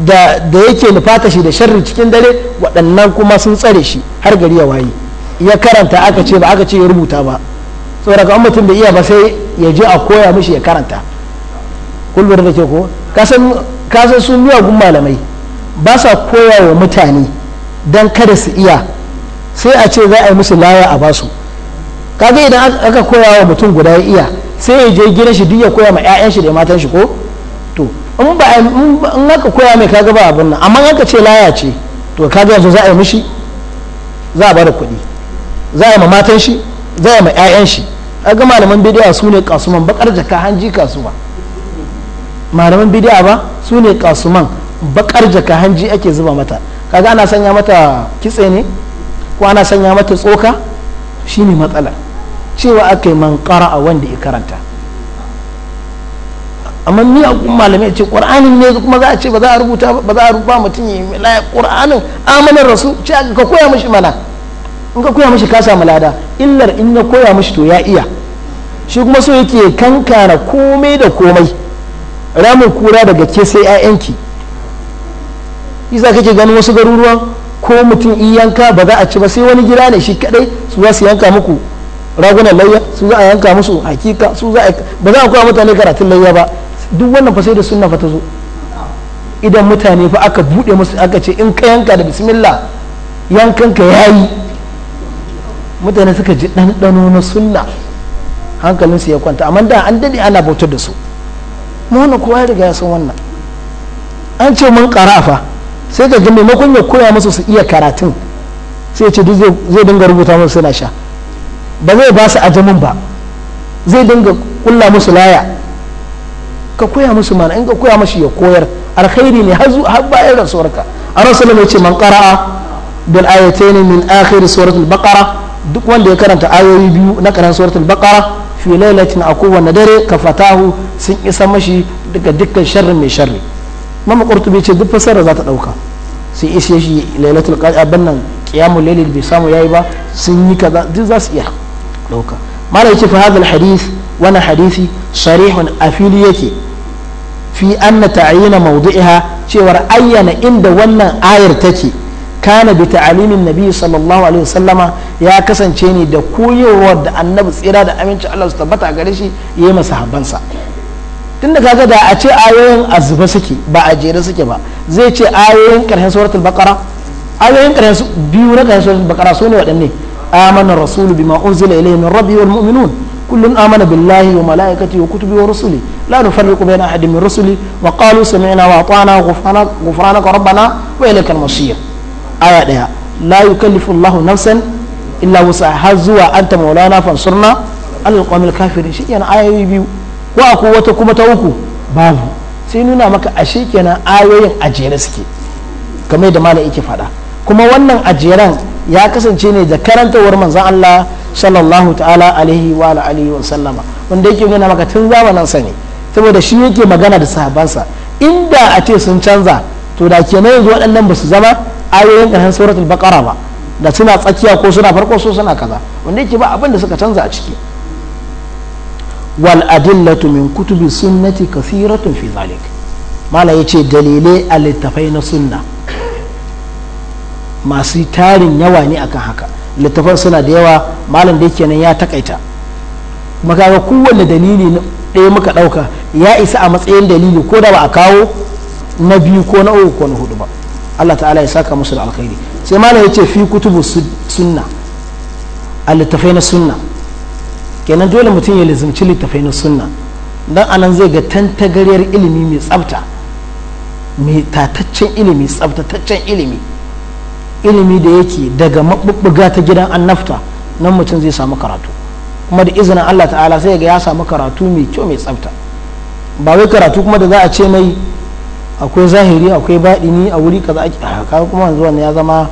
da yake yake nufata shi da sharri cikin dare waɗannan kuma sun tsare shi har gari ya waye ya karanta aka ce ba aka ce ya rubuta ba saboda ga mutum da iya ba sai ya je a koya mishi ya karanta kullum da ke ko kasan sun gun malamai ba sa koya wa mutane don kada su iya sai a ce za a yi musu laya a basu kaga idan aka koya wa mutum guda ya iya sai ya je gidan shi duk ya koya ma 'ya'yan shi da matan shi ko to in ba in aka koya mai kaga ba abin nan amma aka ce laya ce to kaga yanzu za a yi mishi za a bada kuɗi za a yi ma matan shi za a yi ma ƴaƴan shi kaga malaman bidiya su ne kasuman bakar jaka hanji kasuwa malaman bidiya ba su ne kasuman bakar jaka hanji ake zuba mata kaga ana sanya mata kitse ne ko ana sanya mata tsoka shine matsala cewa akai man a wanda ya karanta amma miyagun malamai ce ƙur'anin ne kuma za a ce ba za a rubuta ba za a rubuta mutum ya yi laya ƙur'anin amanar rasu ce ka koya mishi mana in ka koya mishi ka samu lada illar in ya koya mishi to ya iya shi kuma so yake kankana komai da komai ramin kura daga ke sai 'ya'yanki isa kake ganin wasu garuruwan ko mutum in yanka ba za a ci ba sai wani gida ne shi kadai su za su yanka muku ragunan layya su za a yanka musu hakika su za a ba za a koya mutane karatun layya ba duk wannan fa sai da sunna fa ta zo idan mutane fa aka bude musu aka ce in ka yanka da bismillah yankanka yayi mutane suka ji ɗanɗano na sunna hankalinsu ya kwanta amma da an dade ana bautar da su mu wannan kowa ya riga ya san wannan an ce mun karafa sai ka ga maimakon ya koya musu su iya karatun sai ce duk zai dinga rubuta musu suna sha ba zai ba su ajamin ba zai dinga kulla musu laya ka koya musu mana in ka koya mashi ya koyar alkhairi ne har bayan rasuwarka a rasulun ya ce man qara'a bil ayatayn min akhir suratul baqara duk wanda ya karanta ayoyi biyu na karan suratul baqara fi lailatin a kowane dare ka fatahu sun isa mashi daga dukkan sharrin mai sharri mama qurtubi ce duk fasara za ta dauka sai ishe shi lailatul qadr abin nan qiyamul layl samu yayi ba sun yi kaza duk za su iya dauka malai ce fa hadal hadith wani hadisi sarihun afili yake fi anna ta'ayyana mawdi'iha cewar ayyana inda wannan ayar take kana bi ta'alimin nabi sallallahu alaihi wasallama ya kasance ne da koyarwar da annabi tsira da aminci Allah su tabbata gare shi yayi masa habbansa tun da kaga da a ce ayoyin azuba suke ba a jere suke ba zai ce ayoyin karshen suratul baqara ayoyin karshen biyu na karshen suratul baqara sune waɗanne amana rasulu bima unzila ilayhi min rabbi wal mu'minun Kullum amana billahi wa malaikati wa kutubi wa rusuli la nufarriqu baina ahadin min rusuli wa qalu sami'na wa ata'na ghufranaka rabbana wa ilaykal masir aya daya la yukallifu Allahu nafsan illa wusaha zuwa anta maulana fansurna alal qawmil kafirin shi ayoyi biyu ko akwai wata kuma ta uku babu sai nuna maka ashe kenan ayoyin ajere suke kamar da malam yake faɗa kuma wannan ajeren ya kasance ne da karantawar manzon Allah sallallahu ta'ala alaihi wa alihi wa sallama wanda yake nuna maka tun zamanin sa ne saboda shi yake magana da sahabansa inda a ce sun canza to da kenan yanzu waɗannan ba su zama ayoyin ƙarshen suratul baqara ba da suna tsakiya ko suna farko so suna kaza wanda yake ba abin da suka canza a ciki wal adillatu min kutubi sunnati kathiratun fi zalik mala yace dalilai a littafai na sunna masu tarin yawa ne akan haka littafan suna da yawa malam da yake nan ya takaita kuma kaga kowanne dalili ɗaya muka ɗauka ya isa a matsayin dalili ko da ba a kawo na biyu ko na uku ko na hudu ba Allah ta'ala ya saka musu da alkhairi sai malam ya ce fi kutubu sunna a littafai na sunna kenan dole mutum ya lizimci littafai na sunna dan anan zai ga tantagaryar ilimi mai tsafta mai tataccen ilimi tsaftataccen ilimi ilimi da yake daga maɓuɓɓuga ta gidan annafta nan mutum zai samu karatu kuma da izinin Allah ta'ala sai ga ya samu karatu mai kyau mai tsafta ba wai karatu kuma da za a ce mai akwai zahiri akwai baɗini a wuri kaza ake haka kuma yanzu wannan ya zama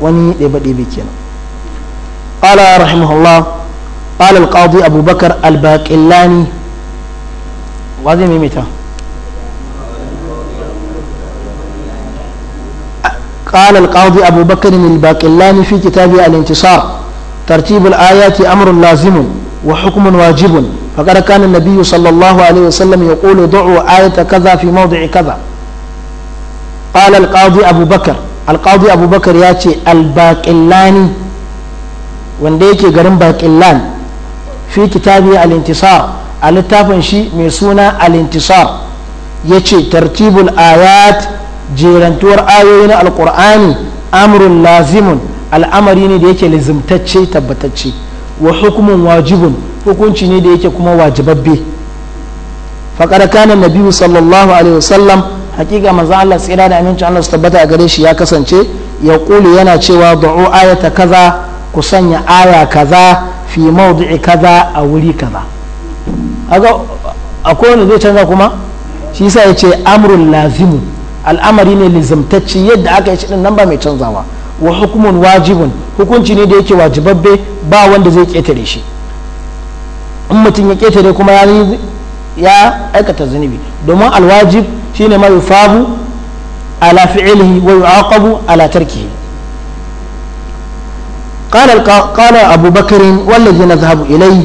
wani ɗebe-ɗebe kenan qala rahimahullah qala al-qadi abubakar al-baqillani wa zai maimaita قال القاضي أبو بكر الباقلاني في كتابه الانتصار ترتيب الآيات أمر لازم وحكم واجب فقد كان النبي صلى الله عليه وسلم يقول ضعوا آية كذا في موضع كذا قال القاضي أبو بكر القاضي أبو بكر ياتي الباقلاني وانديكي قرن باقلان في كتابه الانتصار التافن شيء ميسونا الانتصار يتي ترتيب الآيات jerantuwar ayoyin na alkur'ani amrun lazimun al'amari ne da yake lizimtacce tabbatacce wa hukumun wajibun hukunci ne da yake kuma wajibabbe faƙar kanan nabiyu sallallahu alaihi wasallam hakika manzo Allah tsira da amincin Allah su tabbata a gare shi ya kasance ya kulu yana cewa ba'o ayata kaza ku sanya aya kaza fi mawdi'i kaza a wuri kaza a kowane zai canza kuma shi yasa ya ce amrun lazimun al'amari ne lizamtacci yadda aka yi ɗin nan ba mai canzawa wa hukumun wajibun hukunci ne da yake wajibabbe ba wanda zai ƙetare shi in mutum ya ƙetare kuma ya aikata zunubi domin alwajib shine ma yufabu ala fi'ilihi wa yu'aqabu ala tarkihi قال قال na بكر والذي نذهب إليه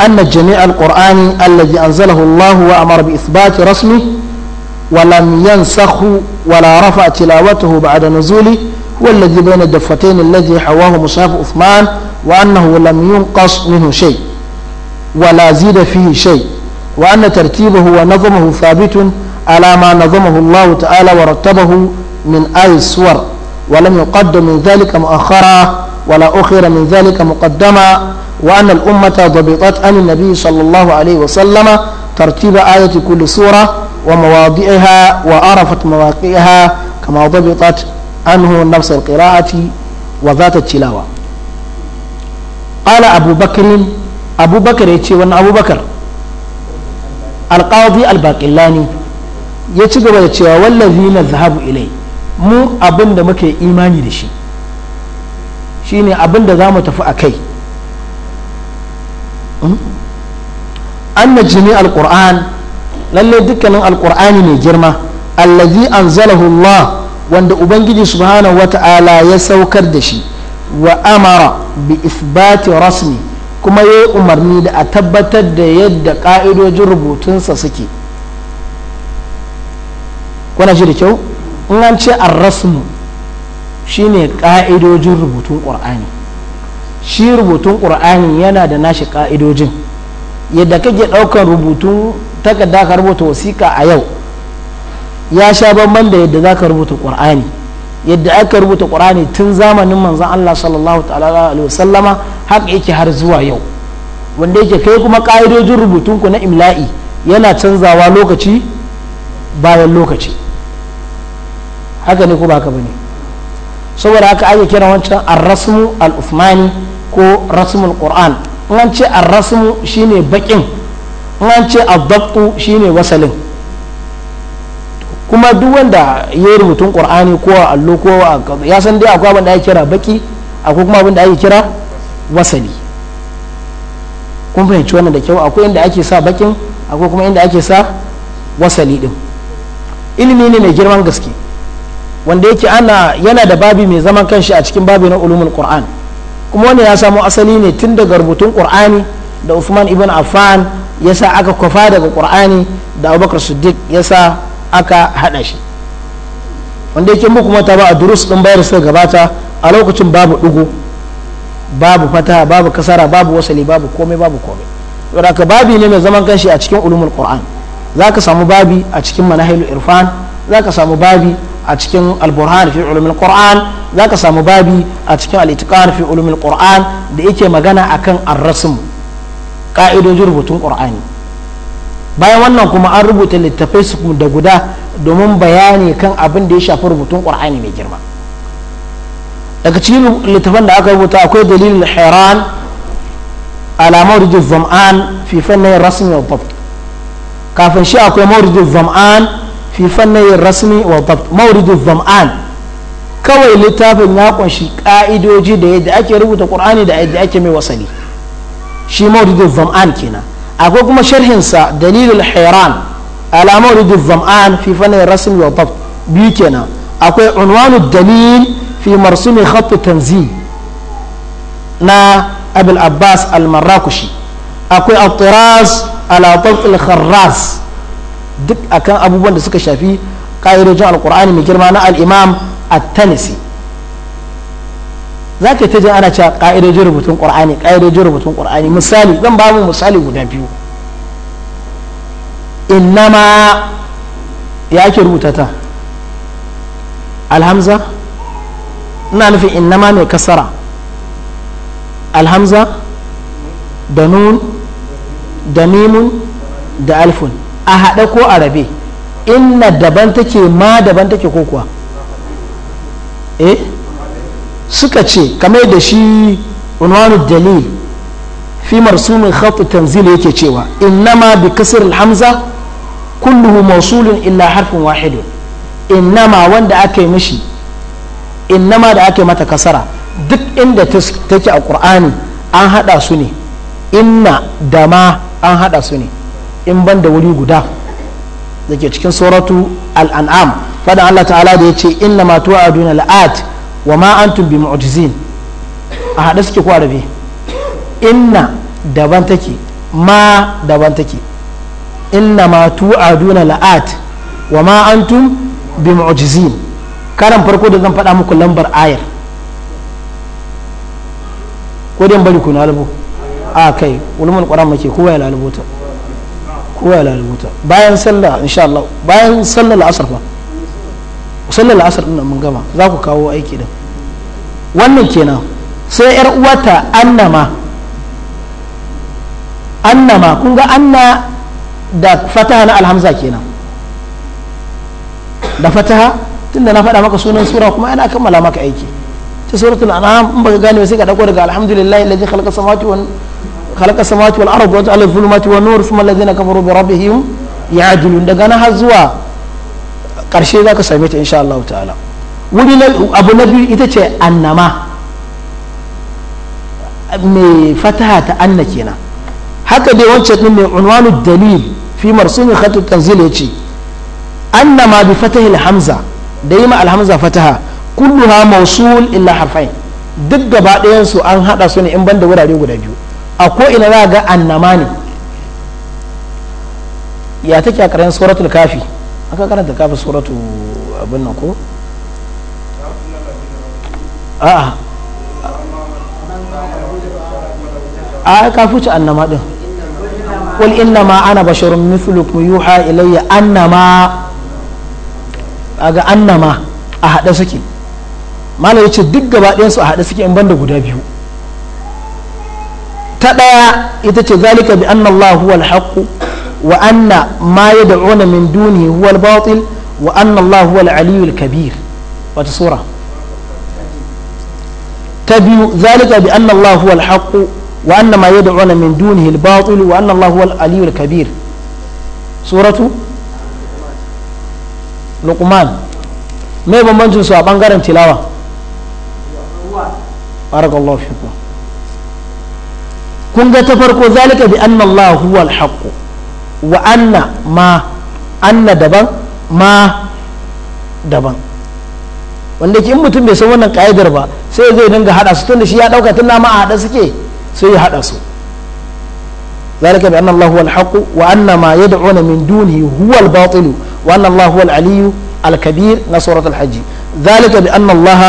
أن جميع القرآن الذي أنزله الله وأمر بإثبات رسمه ولم ينسخ ولا رفع تلاوته بعد نزوله هو الذي بين الدفتين الذي حواه مصاف عثمان وأنه لم ينقص منه شيء ولا زيد فيه شيء وأن ترتيبه ونظمه ثابت على ما نظمه الله تعالى ورتبه من آي السور ولم يقدم من ذلك مؤخرا ولا أخر من ذلك مقدما وأن الأمة ضبطت عن النبي صلى الله عليه وسلم ترتيب آية كل سورة ومواضعها وعرفت مواقعها كما ضبطت عنه نفس القراءة وذات التلاوة قال أبو بكر أبو بكر يتي وأن أبو بكر القاضي الباقلاني يتي قبل يتي والذي نذهب إليه مو أبن دمك إيماني لشي شيني أبن دزام تفأكي أن جميع القرآن lalle dukkanin alkur'ani mai girma allazi anzalahu Allah wanda ubangiji subhanahu wata'ala ya saukar da shi wa amara bi isbati rasmi kuma ya yi umarni da a tabbatar da yadda ka'idojin rubutunsa suke kuna ji da kyau in an ce arrasmu shine ka'idojin rubutun ƙur'ani shi rubutun ƙur'ani yana da nashi ka'idojin yadda kake ɗaukar rubutun takarda ka rubuta wasiƙa a yau ya sha bamban da yadda za ka rubuta ƙur'ani yadda aka rubuta ƙur'ani tun zamanin manzon Allah sallallahu alaihi wasallama haka yake har zuwa yau wanda yake kai kuma ƙa'idojin ku na imla'i yana canzawa lokaci bayan lokaci haka ne ko ba ka bane saboda haka ake kira wancan ar-rasmu al-uthmani ko rasmul qur'an in an ce ar-rasmu shine baƙin an ce abdabtu shine wasalin kuma duk wanda ya yi rubutun qur'ani ko a allo ko a ya san dai akwai abin da ake kira baki akwai kuma abin da ake kira wasali kun fahimci wannan da kyau akwai inda ake sa bakin akwai kuma inda ake sa wasali din ilimi ne mai girman gaske wanda yake ana yana da babi mai zaman kanshi a cikin babi na ulumul qur'an kuma wani ya samo asali ne tun daga rubutun qur'ani da Usman ibn Affan yasa aka kwafa daga Qur'ani da Abubakar Siddiq yasa aka hada shi wanda yake muku mata ba a durus din bayar sai gabata a lokacin babu dugo babu fata babu kasara babu wasali babu komai babu komai saboda ka babi ne mai zaman kanshi a cikin ulumul Qur'an zaka samu babi a cikin manahil irfan zaka samu babi a cikin alburhan fi ulumul qur'an za ka samu babi a cikin al'itiqan fi ulumul qur'an da yake magana akan ar-rasm ƙa'idojin rubutun ƙur'ani bayan wannan kuma an rubuta littafai su da guda domin bayani kan abin da ya shafi rubutun ƙur'ani mai girma daga cikin littafan da aka rubuta akwai dalilin hiran alamar zam'an fi fannin rasmi wa dabt kafin shi akwai mauridin zam'an fi fannin rasmi wa dabt mauridin zam'an kawai littafin ya kunshi ka'idoji da yadda ake rubuta ƙur'ani da yadda ake mai wasali shi mauridul zam'an kenan akwai kuma sharhinsa dalilul hairan ala mauridul zam'an fi fannin rasmi wa dabt biyu kenan akwai unwanu dalil fi marsumi khatt tanzil na abul abbas al-marrakushi akwai al-tiras ala kharras duk akan abubuwan da suka shafi ƙa'idojin alkur'ani mai girma na al-imam at-tanisi za ka ta jin ana cewa ƙa'idojin rubutun ƙur'ani ƙa'idojin rubutun ƙur'ani misali zan ba mu misali guda biyu innama ya ke rubuta ta alhamza ina nufin innama mai kasara alhamza da nun da mimun da alfun a haɗe ko a rabe inna daban take ma daban take ko kuwa eh suka ce kamar da shi unwanu dalil fi marsumin khat tanzil yake cewa innama bi kasr alhamza kulluhu mawsulun illa harfin wahidu innama wanda aka yi mishi innama da aka yi mata kasara duk inda take a qur'ani an hada su ne inna da ma an hada su ne in ban da wuri guda da ke cikin suratu an'am fadan Allah ta'ala da ya ce innama ma tu'aduna la'at wa ma antum bi mu'jizin a hada suke ko arabe inna daban take ma daban take inna ma tu'aduna la'at wa ma antum bi mu'jizin karan farko da zan faɗa muku lambar ayar ko dai bari ku na lalubo a kai ulumul qur'an muke kowa ya lalubuta kowa ya lalubuta bayan sallah insha Allah bayan sallah al'asr fa sallar asar din mun gama za ku kawo aiki din wannan kenan sai yar uwata annama annama kun ga anna da fataha na alhamza kenan da fataha tunda na faɗa maka sunan sura kuma ana kammala maka aiki ta suratul an'am in baka gane sai ka dauko daga alhamdulillahi alladhi khalaqa samawati wal khalaqa samawati wal ardi wa ja'ala adh-dhulumati wan nur thumma alladhina kafaru har zuwa karshe za ka same ta insha Allah ta'ala wuri abu na biyu ita ce annama mai fataha ta anna kenan haka dai wancan din mai unwanu dalil fi marsumin khatu tanzil yace annama bi fatahil hamza da yima alhamza fataha kulluha mawsul illa harfain duk gaba ɗayan su an hada su ne in banda wurare guda biyu a ko ina za ga annama ne ya take a ƙarshen suratul kafi aka karanta kafin suratu abin nan ko a ka fuce annama din wal inna ma ana basharun mithlukum yuha ilayya annama aga annama a hada suke malam yace duk gaba ɗayan su a hada suke in banda guda biyu ta daya ita ce zalika bi anna Allah huwa al-haqq wa anna ma yad'una min dunihi huwa al wa anna Allah huwa al wata sura ta zalika bi anna Allah huwa al wa anna ma yad'una min dunihi al-batil wa anna Allah huwa al suratu luqman me a bangaren tilawa kun ga ta farko zalika bi anna wa anna ma anna daban ma daban wanda ke in mutum bai san wannan ka'idar ba sai zai dinga hada su tun da shi ya dauka tun ma a hada suke sai ya hada su ذلك بأن الله هو الحق وأن ما يدعون من دونه al-kabir na الله هو العلي الكبير نصرة الحج ذلك بأن الله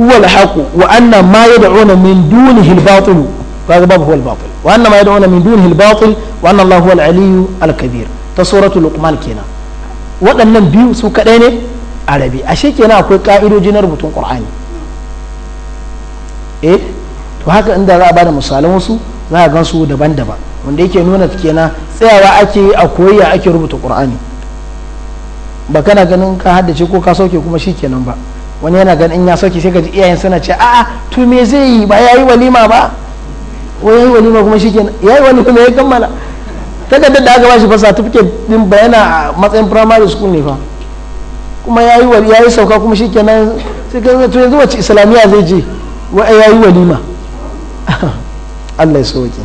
هو الحق وأن ما min من دونه kaga babu al batil wa annama yad'una min dunihi al-batil wa anna Allah al aliyyu al-kabir ta suratu luqman kenan waɗannan biyu su kaɗai ne a ashe kenan akwai ka'idoji na rubutun qur'ani eh to haka inda za a bada misalan wasu za a gansu daban-daban wanda yake nuna kenan tsayawa ake a koyi ake rubuta qur'ani ba kana ganin ka haddace ko ka sauke kuma kenan ba wani yana ganin in ya sauke sai ka ji iyayen suna ce a'a to me zai yi ba yi walima ba wai yayi walima kuma shikenan yayi wani kuma ya kammala takardar da aka bashi ta certificate din bayana a matsayin primary school ne fa kuma yayi wali yayi sauka kuma shikenan sai ka to yanzu wace islamiyya zai je wa yi walima Allah ya sauke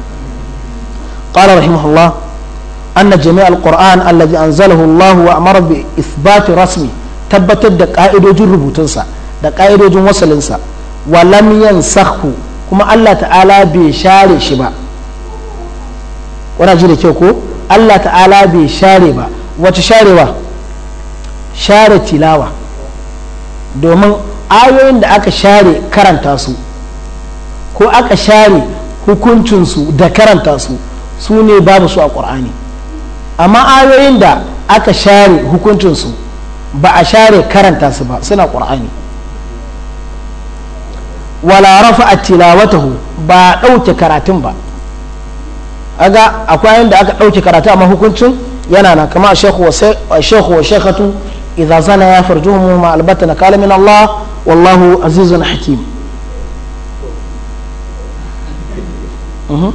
قال رحمه الله أن جميع القرآن الذي أنزله الله وأمر بإثبات rasmi tabbatar da ka'idojin rubutunsa da ka'idojin wasalinsa wa walam yansakhu kuma Allah ta'ala bai share shi ba wana ji da kyau ko Allah ta'ala bai share ba wace sharewa share tilawa domin ayoyin da aka share karanta su ko aka share hukuncinsu da karanta su su ne babu su a ƙur'ani amma ayoyin da aka share hukuncinsu ba a share karanta su ba suna ƙur'ani wala rafa'a tilawatahu ba ɗauke karatun ba aga akwai yanda aka ɗauke karatu a mahukuncin yana na kama shekhu wa shekhatu idza zana ya farjuhum ma albatana qala min Allah wallahu azizun hakim mhm.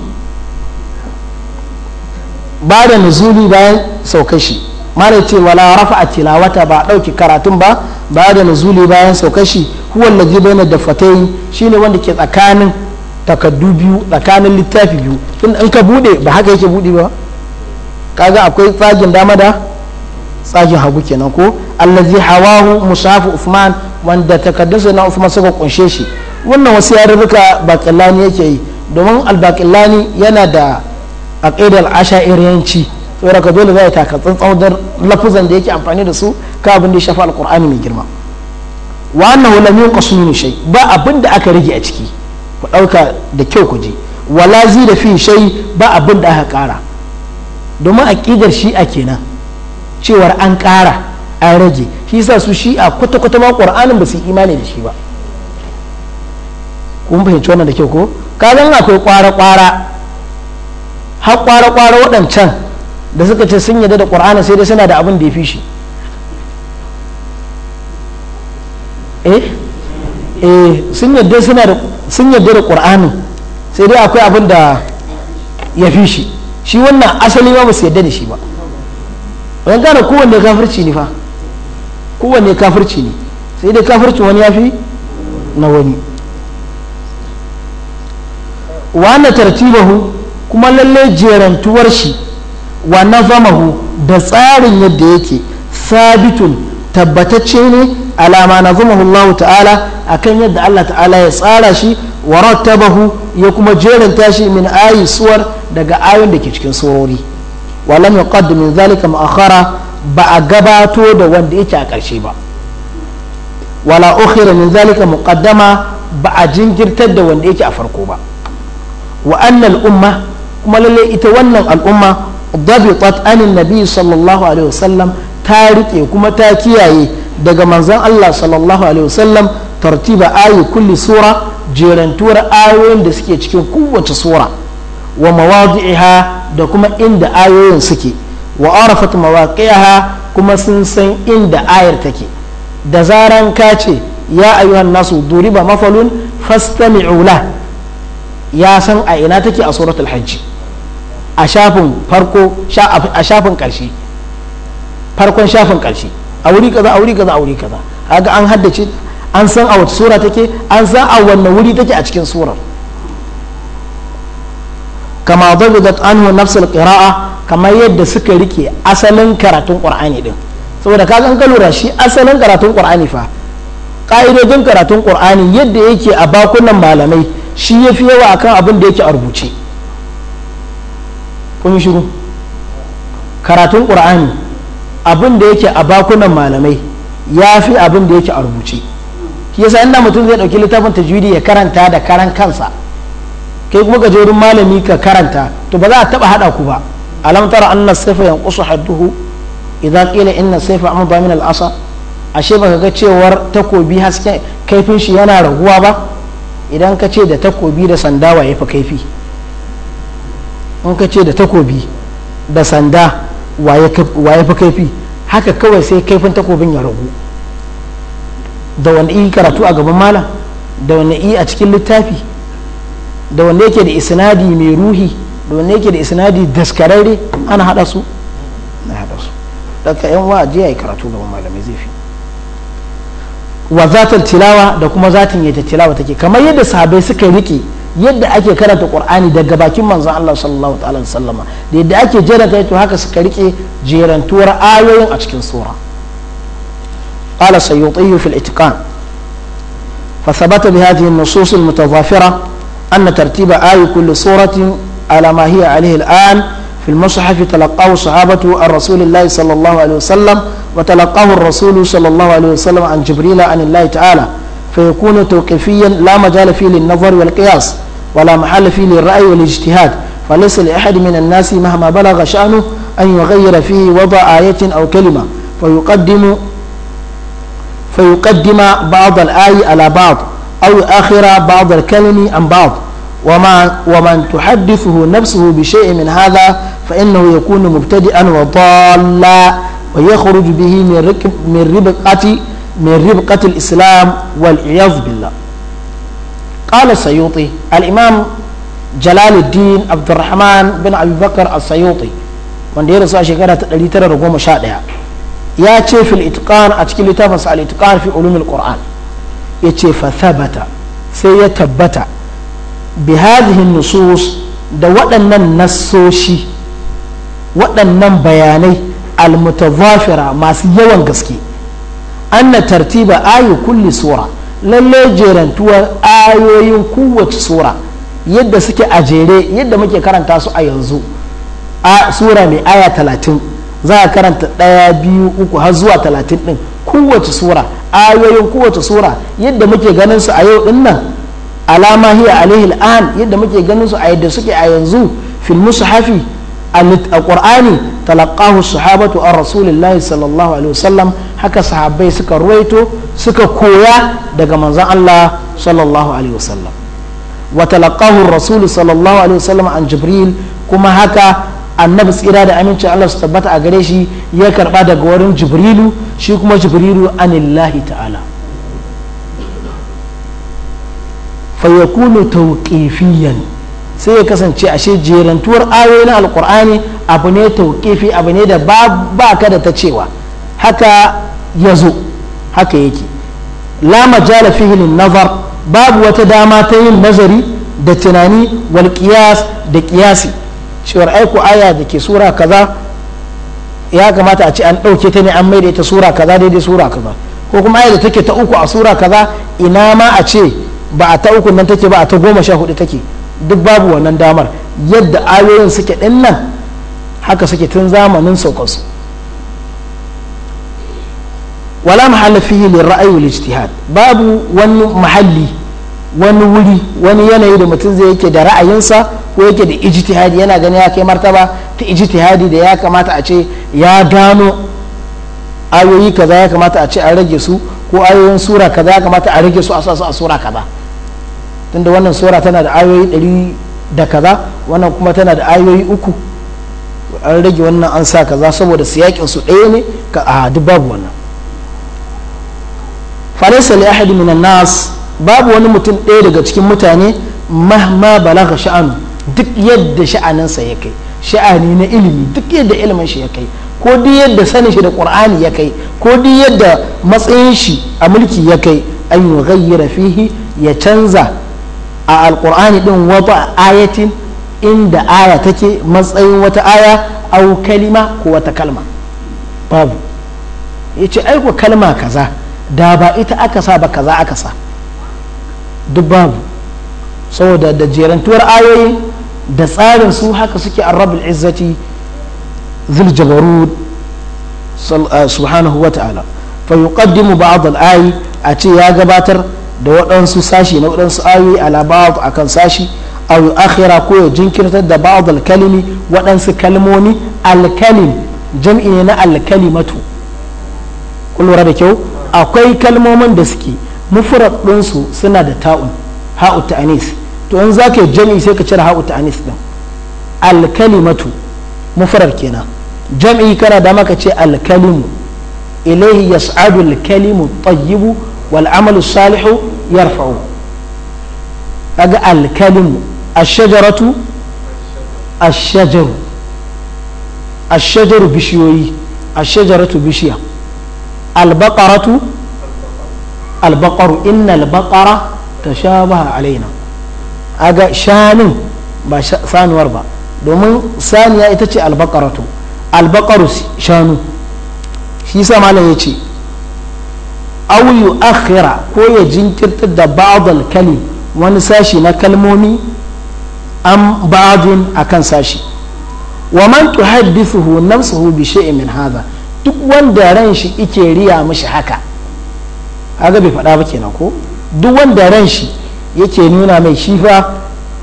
ba da nuzuli bayan saukashi. shi mara ce wala rafa a tilawata ba ɗauki karatun ba ba da nazuli bayan saukashi huwan lazi bayanar da shi ne wanda ke tsakanin takaddu biyu tsakanin littafi biyu tun in ka bude ba haka yake bude ba kaga akwai tsagin dama da tsagin hagu kenan ko allazi hawahu musafu usman wanda takaddunsa na usman suka kunshe shi wannan wasu yarurruka bakillani yake yi domin albakilani yana da aqidar asha'iriyanci saboda ka dole ya taka tsantsan da lafuzan da yake amfani da su ka abin da ya shafa alkur'ani mai girma wa annahu lam yunqasu min shay ba abin da aka rage a ciki ku dauka da kyau ku ji wala zida fi shay ba abin da aka kara domin shi a kenan cewar an kara an rage shi yasa su shi'a kwata kwata ma qur'anin ba su imani da shi ba kun fahimci wannan da kyau ko ka akwai kwara kwara har kwara kwara waɗancan da suka ce sun yadda da qur'ana sai dai suna da abin da ya fi shi eh eh sun yadda suna da sun yadda da ƙur'ani sai dai akwai abin da ya fi shi shi wannan asali ma ba su yadda da shi ba wani gane kowanne kafirci ne fa kowanne kafirci ne sai dai kafirci wani ya fi na wani wa na tartibahu kuma lalle jerantuwar shi wa nazamahu da tsarin yadda yake sabitun tabbatacce ne alama na nazamahu Allah ta'ala akan yadda Allah ta'ala ya tsara shi wa rattabahu ya kuma jeranta shi min ayi suwar daga ayon da ke cikin surori wa lam yuqaddim min zalika mu'akhara ba a gabato da wanda yake a ƙarshe ba wala ukhira min zalika muqaddama ba a jingirtar da wanda yake a farko ba wa annal umma kuma lalle ita wannan al'umma dabitat anin nabi sallallahu alaihi wasallam ta riƙe kuma ta kiyaye daga manzon Allah sallallahu tartiba ayi kulli sura jerantuwar ayoyin da suke cikin kowace sura wa mawadi'iha da kuma inda ayoyin suke wa arafat mawaqi'aha kuma sun san inda ayar take da zarar kace ya ayyuhan nasu duriba mafalun fastami'u la ya san a ina take a suratul hajji a shafin farko a shafin ƙarshe farkon shafin ƙarshe a wuri kaza a wuri kaza a wuri kaza haka an haddace an san a wata sura take an san a wanne wuri take a cikin surar kama da anhu nafs alqira'a kamar yadda suka rike asalin karatun qur'ani din saboda ka ga lura shi asalin karatun qur'ani fa ka'idojin karatun qur'ani yadda yake a bakunan malamai shi yafi yawa akan abin da yake a rubuce kun shiru karatun ƙur'ani abin da yake a bakunan malamai ya fi abin da yake a rubuce shi yasa inda mutum zai ɗauki littafin tajwidi ya karanta da karan kansa kai kuma gajerun malami ka karanta to ba za a taɓa haɗa ku ba alam tara anna saifa yanqusu hadduhu idza qila inna saifa amba min al-asa ashe baka ga cewar takobi hasken kaifin shi yana raguwa ba idan ka ce da takobi da sanda wa fi kaifi in ka ce da takobi da sanda waye fi kaifi haka kawai sai kaifin takobin ya ragu da wani i karatu a gaban malam da wani i a cikin littafi da wanda yake da isnadi mai ruhi da wanda yake da isnadi daskararre ana hada su na hada su daga yan wa ya yi karatu gaban malamai zai fi wa zatar tilawa da kuma zatin yadda tilawa take kamar yadda sahabai suka rike yadda ake karanta qur'ani daga bakin manzon Allah sallallahu ta'ala wasallam da yadda ake jeranta to haka suka rike jerantuwar ayoyin a cikin sura qala sayyuti fi al-itqan fa thabata bi hadhihi an-nusus al-mutadhafira anna tartiba ayi kulli suratin ala ma hiya alayhi al-an في المصحف تلقاه صحابته عن الله صلى الله عليه وسلم وتلقاه الرسول صلى الله عليه وسلم عن جبريل عن الله تعالى فيكون توقيفيا لا مجال فيه للنظر والقياس ولا محل فيه للرأي والاجتهاد فليس لأحد من الناس مهما بلغ شأنه أن يغير فيه وضع آية أو كلمة فيقدم فيقدم بعض الآي على بعض أو آخر بعض الكلم عن بعض وما ومن تحدثه نفسه بشيء من هذا فإنه يكون مبتدئا وضالا ويخرج به من ربقة من ربقة الإسلام والعياذ بالله قال السيوطي الإمام جلال الدين عبد الرحمن بن أبي بكر السيوطي wanda ya rasu a shekara ta ɗaya ya ce fil itqan a cikin littafinsa al itqan fi ulumul qur'an ya ce fa thabata sai ya tabbata bi hadhihi nusus da waɗannan nassoshi waɗannan bayanai al mutazafira masu yawan gaske anna tartiba ayu kulli sura lalle jerantuwa ayoyin kowace sura yadda suke a jere yadda muke karanta su a yanzu a sura mai aya talatin za a karanta ɗaya biyu uku har zuwa talatin ɗin kowace sura ayoyin kowace sura yadda muke ganin su a yau ɗin nan alama hiya alaihi al'an yadda muke ganin su a yadda suke a yanzu fil mushafi a qur'ani talaqahu sahabatu an rasulillahi sallallahu alaihi wasallam haka sahabbai suka ruwaito suka koya daga manzon Allah sallallahu alaihi wasallam wa talaqahu rasul sallallahu alaihi wasallam an jibril kuma haka annabi tsira da amincin Allah su tabbata a gare shi ya karba daga wurin jibrilu shi kuma jibrilu anillahi ta'ala fa yakunu tawqifiyan sai ya kasance ashe jerantuwar ayoyi na alkur'ani abu ne tauƙifi abu ne da ba ka da ta cewa haka ya zo haka yake la majala fihilin nazar babu wata dama ta yin nazari da tunani wal kiyas da kiyasi cewar aiko aya da ke sura kaza ya kamata a ce an ɗauke ta ne an maida ita sura kaza daidai sura kaza ko kuma aya da take ta uku a sura kaza ina ma a ce ba a ta uku nan take ba a ta goma sha hudu take duk babu wannan damar yadda ayoyin suke ɗin haka suke tun zamanin saukansu wala mahalli fiye da ra'ayi ijtihad babu wani mahalli wani wuri wani yanayi da mutum zai yake da ra'ayinsa ko yake da ijtihadi yana gani ya kai martaba ta ijtihadi da ya kamata a ce ya gano ayoyi kaza ya kamata a ce a rage su ko ayoyin sura kaza ya kamata a rage su a su a sura kaza tunda wannan sura tana da ayoyi ɗari da kaza wannan kuma tana da ayoyi uku an rage wannan an sa kaza saboda siyakin su ɗaya ne ka a duk babu wannan falaisa li ahadi minan nas babu wani mutum ɗaya daga cikin mutane mahma balaga sha'anu duk yadda sha'aninsa ya kai sha'ani na ilimi duk yadda ilimin shi ya kai ko duk yadda sanin shi da qur'ani ya kai ko duk yadda matsayin shi a mulki ya kai an yughayyira fihi ya canza a alkur'ani din wata ayatin inda aya take matsayin wata aya au kalima ko wata kalma babu ya ce aiko kalma kaza da ba ita aka sa ba kaza aka sa duk babu saboda da jerantuwar ayoyi da tsarin su haka suke arabul izzati zul ah, subhanahu wa ta'ala fa yuqaddimu ba'd al-ayi a ce ya gabatar da waɗansu sashi na waɗansu ayoyi ala ba'd akan sashi aw akhira ko ya jinkirtar da ba'd al-kalimi waɗansu kalmomi al-kalim jam'i ne na al-kalimatu lura da kyau akwai kalmomin da suke mufrad ɗinsu suna da ta'un ha'u ta'anis to in zaka jam'i sai ka cire ha'u ta'anis din al-kalimatu mufrad kenan jam'i kana da maka ce al-kalimu ilayhi yas'adu al-kalimu tayyibu salihu yarfa'u kaga alkalimu ashajaratu ashajaru ashajaru bishiyoyi ashajaratu bishiya albaqaratu albaqaru innal baqara tashabaha alaina aga shanin ba sanuwar ba domin saniya ita ce albaqaratu albaqaru shanu shi sa malam ya ce aw akhira ko ya jinkirta da ba'd al-kalim wani sashi na kalmomi am ba'dun akan sashi wa man tuhaddithuhu nafsuhu bi shay'in min hadha duk wanda ran shi ike riya mishi haka kaga bai faɗa ba kenan ko duk wanda ran shi yake nuna mai shifa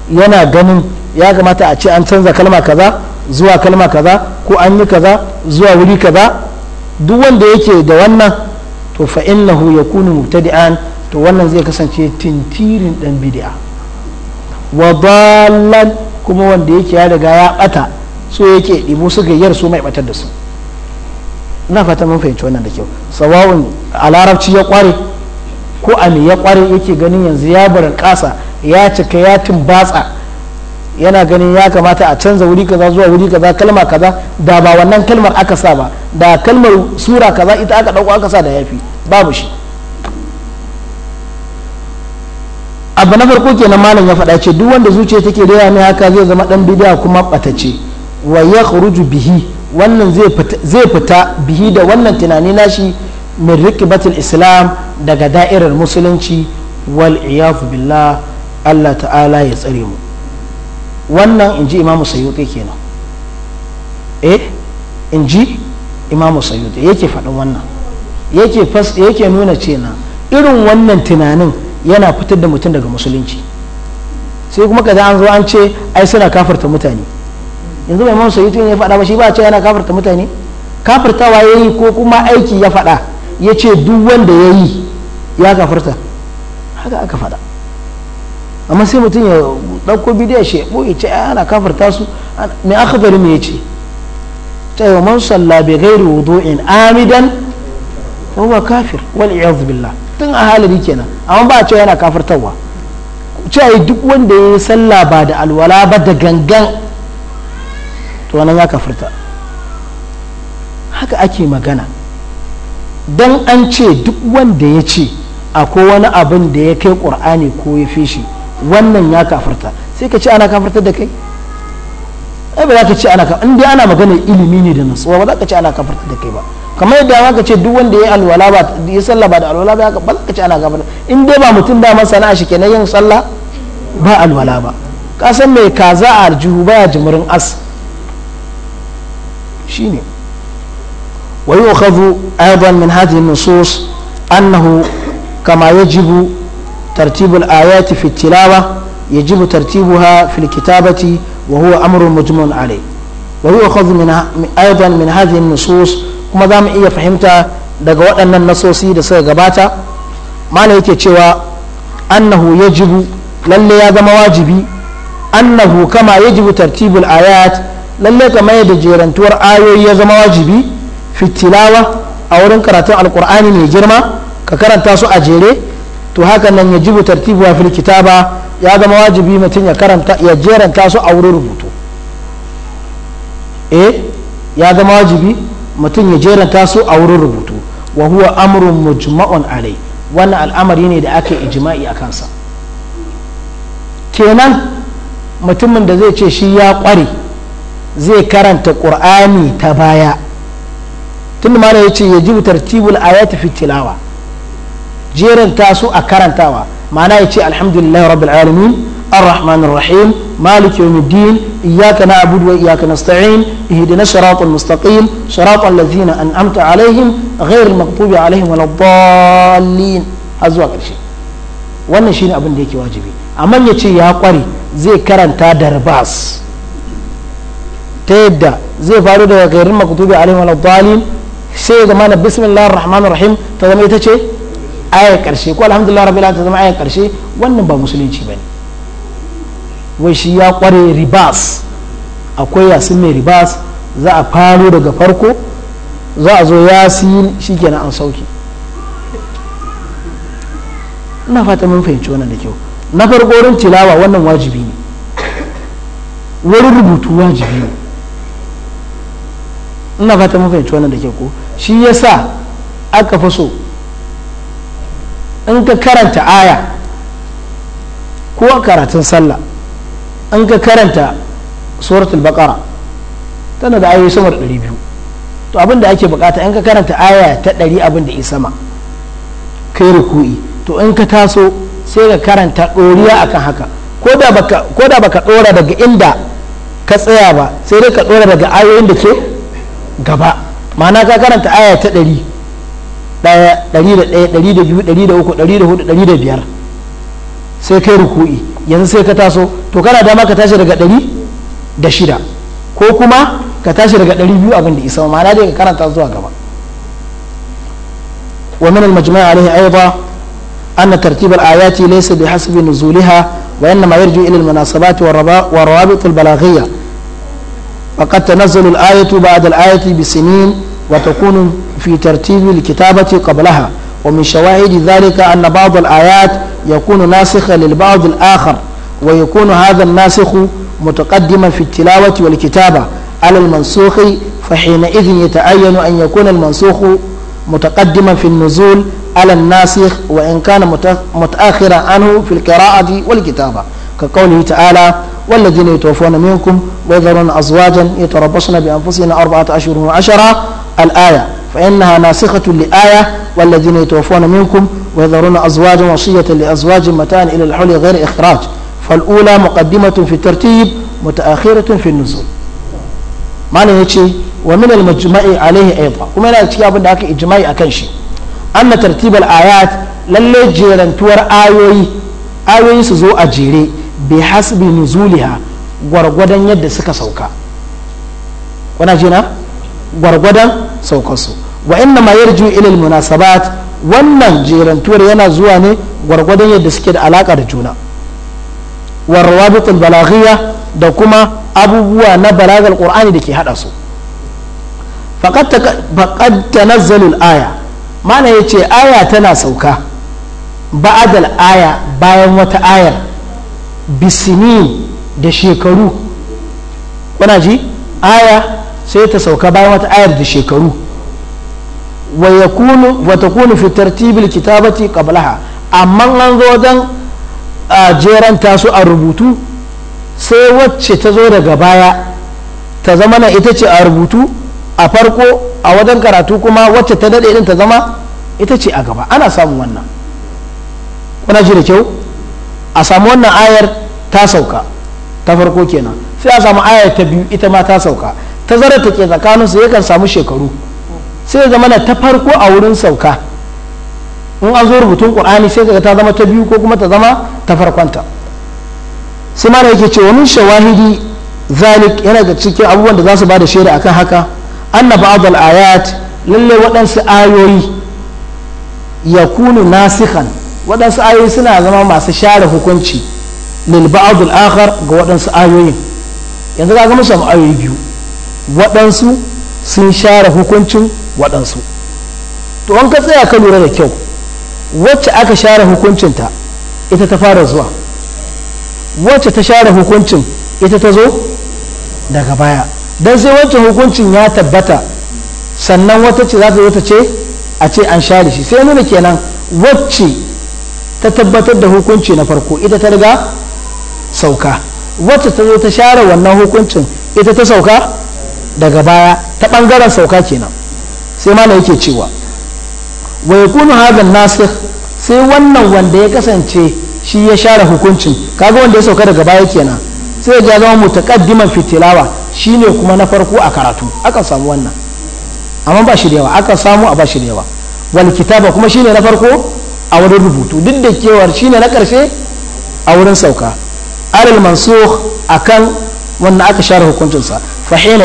yana ganin ya kamata a ce an canza kalma kaza zuwa kalma kaza ko an yi kaza zuwa wuri kaza duk wanda yake da wannan to fa innahu yakunu mubtadi'an to wannan zai kasance tintirin dan bid'a wa dallan kuma wanda yake ya riga ya bata so yake dibo su gayyar su mai batar da su ina fata mun fahimci wannan da kyau sawawun a larabci ya kware ko a me ya kware yake ganin yanzu ya bar kasa ya cika ya tumbatsa yana ganin ya kamata a canza wuri kaza zuwa wuri kaza kalma kaza da ba wannan kalmar aka sa ba da kalmar sura kaza ita aka dauko aka sa da yafi babu shi abu na farko kenan malam ya faɗa ce duk wanda zuciya take rera mai haka zai zama dan bidiya kuma ɓatace wa ya bihi wannan zai fita bihi da wannan tunani nashi min rikibatul islam daga da'irar musulunci wal iyafu billah Allah ta'ala ya tsare mu wannan in ji imamu sayuti kenan eh in ji imamu sayuti yake faɗin wannan yake yake nuna cena irin wannan tunanin yana fitar da mutum daga musulunci sai kuma kaza an zo an ce ai suna kafarta mutane yanzu mai imamu sayuti ne ya faɗa ba shi ba ce yana kafarta mutane wa ya yi ko kuma aiki ya faɗa ya ce duk wanda ya yi ya kafarta haka aka faɗa amma sai mutum ya ɗauko bidiyar shi ya ce ana kafarta su mai akhbari me yace ta yi man salla bi ghairi wudu'in amidan fa huwa kafir wal iyad billah tun a halari kenan amma ba a cewa yana kafirtarwa cewa duk wanda ya yi salla ba da alwala ba da gangan to wani ya kafarta haka ake magana dan an ce duk wanda ya ce akwai wani abin da ya kai ƙur'ani ko ya fi shi wannan ya kafarta sai ka ce ana kafartar da kai ai ba za ka ce ana ka in dai ana magana ilimi ne da nasuwa ba za ka ce ana kafarta da kai ba kamar yadda ma ka ce duk wanda ya alwala ba ya salla ba da alwala ba ba za ka ce ana kafarta in dai ba mutum da sana'a shi kenan yin sallah ba alwala ba ka san mai kaza a aljihu ba jimirin as shine aidan min hadhihi an-nusus annahu kama yajibu ترتيب الآيات في التلاوة يجب ترتيبها في الكتابة وهو أمر مجمع عليه ويؤخذ من أيضا من هذه النصوص kuma zamu iya fahimta daga waɗannan nasosi da suka gabata mana yake cewa annahu ya jibu lalle ya zama wajibi annahu kama ya jibu tartibul ayat ka mayar da jerantuwar ayoyi ya zama wajibi fitilawa a wurin karatun alkur'ani mai girma ka karanta su a jere to haka nan fil kitaba ya zama wajibi mutum ya karanta ya jeranta su a wurin rubutu eh ya zama wajibi mutum ya jeranta su a wurin rubutu wa huwa amrun mujma'un alai wannan al'amari ne da aka ijma'i a kansa kenan mutumin da zai ce shi ya kware zai karanta qur'ani ta baya tun da ya ce yajibu tartibul ayati fi tilawa ta su a karantawa ma'ana ya ce alhamdulillahi rabbil alamin الرحمن الرحيم مالك يوم الدين إياك نعبد وإياك نستعين اهدنا الصراط المستقيم صراط الذين أنعمت عليهم غير المغضوب عليهم ولا الضالين أزواج الشيء wannan shine abin da yake wajibi amma ya ce ya kware zai karanta darbas ta yadda zai faru daga gairin maktubi alaihi wal dalil sai ya zama na bismillahir rahmanir rahim ta zama ita ce ayar karshe ko alhamdulillah rabbil alamin ta zama ayar karshe wannan ba musulunci bane wai shi ya kware ribas akwai yasin mai ribas za a faro daga farko za a zo yasin shikenan an sauki ina fata mun fahimci wannan da kyau na farko wurin tilawa wannan wajibi ne wurin rubutu wajibi ne ina fata mun fahimci wannan da kyau ko shi yasa aka fi so in ka karanta aya ko a karatun sallah in ka karanta suratul baqara tana da ayoyi sama da 200 to abin da ake bukata in ka karanta aya ta 100 abin da sama kai ruku'i to in ka taso sai ka karanta doriya akan haka ko da baka ko da baka dora daga inda ka tsaya ba sai dai ka dora daga ayoyin da ke gaba ma'ana ka karanta aya ta 100 ɗaya ɗari da ɗaya ɗari da biyu ɗari da uku ɗari da hudu ɗari da biyar sai kai ruku'i yanzu sai ka taso to kana dama ka tashi daga ɗari da shida ko kuma ka tashi daga ɗari biyu abin da isa ma'ana dai ka karanta zuwa gaba wa min al-majma' alayhi aidan anna tartib al-ayati laysa bihasb nuzuliha wa inma yarju ila al-munasabat wa rawabit al-balaghiyya faqad tanazzalu al-ayatu ba'da al-ayati bisinin wa takunu في ترتيب الكتابة قبلها ومن شواهد ذلك أن بعض الآيات يكون ناسخا للبعض الآخر ويكون هذا الناسخ متقدما في التلاوة والكتابة على المنسوخ فحينئذ يتعين أن يكون المنسوخ متقدما في النزول على الناسخ وإن كان متأخرا عنه في القراءة والكتابة كقوله تعالى والذين يتوفون منكم ويذرون أزواجا يتربصن بأنفسهم أربعة أشهر وعشرة الآية فإنها ناسخة لآية والذين يتوفون منكم ويذرون أزواجا وصية لأزواج متاعا إلى الحول غير إخراج فالأولى مقدمة في الترتيب متأخرة في النزول ما نهيتي ومن المجمع عليه أيضا ومن الاتياب أنك إجماع أكنشي أن ترتيب الآيات للي جيران تور آيوي آيوي سزو أجيري بحسب نزولها gwargwadon yadda suka sauka wana jina gwargwadon saukarsu wa inna ma yarju ilal munasabat wannan jerantuwar yana zuwa ne gwargwadon yadda suke da alaka da juna wa rawabitul balaghiyya da kuma abubuwa na balagal qur'ani da ke hada su faqad tanazzalu aya mana yace aya tana sauka ba'adal aya bayan wata ayar bisini da shekaru kuna ji aya sai ta sauka bayan wata ayar da shekaru wa takunu fi tartibil kitabati qablaha amma an zo wajen jeran tasu a rubutu sai wacce ta zo daga baya ta zama na ita ce a rubutu a farko a wajen karatu kuma wacce ta daɗe din ta zama ita ce a gaba ana samun wannan kuna ji da kyau a samu wannan ayar ta sauka ta farko kenan sai a samu ayar ta biyu ita ma ta sauka tazarar ta ke tsakaninsu yakan samu shekaru sai zama na ta farko a wurin sauka in an zo rubutun qur'ani sai kaga ta zama ta biyu ko kuma ta zama ta farkonta su mara yake ce wani shawahidi zalik yana da cikin abubuwan da za su bada shaida akan haka anna ba'd ayat lalle waɗansu ayoyi yakunu nasihan waɗansu ayoyi suna zama masu share hukunci lil ba'd akhar ga waɗansu ayoyin yanzu ga musu ayoyi biyu waɗansu sun share hukuncin waɗansu to an ka tsaya ka lura da kyau wacce aka share hukuncinta ita ta fara zuwa wacce ta share hukuncin ita ta zo daga baya don sai wancan hukuncin ya tabbata sannan wata ce za ta zo ta ce a ce an share shi sai nuna kenan wacce ta tabbatar da hukunci na farko ita ta riga sauka wacce ta zo ta share wannan hukuncin ita ta sauka daga baya ta ɓangaren sauka kenan sai malam yake cewa wai kunu hadha nasu sai wannan wanda ya kasance shi ya share hukuncin kaga wanda ya sauka daga baya kenan sai ya zama mutaqaddiman fitilawa tilawa shine kuma na farko a karatu akan samu wannan amma ba shi da yawa akan samu a ba shi da yawa wal kitaba kuma shine na farko a wurin rubutu duk da shi shine na karshe a wurin sauka alal mansukh akan wannan aka share hukuncinsa fa hina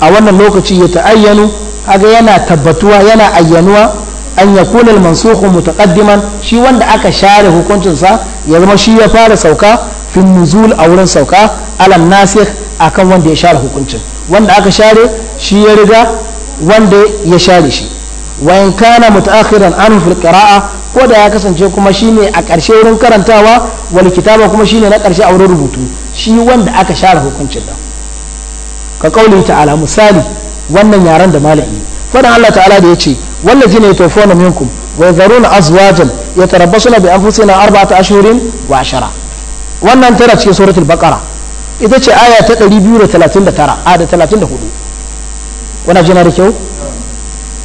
a wannan lokaci ya ta'ayyanu kaga yana tabbatuwa yana ayyanuwa an yakuna al-mansukhu mutaqaddiman shi wanda aka share hukuncin sa ya zama shi ya fara sauka fin nuzul a wurin sauka alam nasikh akan wanda ya share hukuncin wanda aka share shi ya riga wanda ya share shi wa in kana mutaakhiran an fil qira'a ko da ya kasance kuma shine a karshe wurin karantawa wal kitaba kuma shine na karshe a wurin rubutu shi wanda aka share hukuncin ba. ka kauli ta'ala misali wannan yaran da malami fadan Allah ta'ala da yace wallazina yatawaffawna minkum wa yadharuna azwajan yatarabbasuna bi anfusihim arba'ata ashhurin wa ashara wannan tana cikin suratul baqara ita ce aya ta 239 a da 34 wannan jina da kyau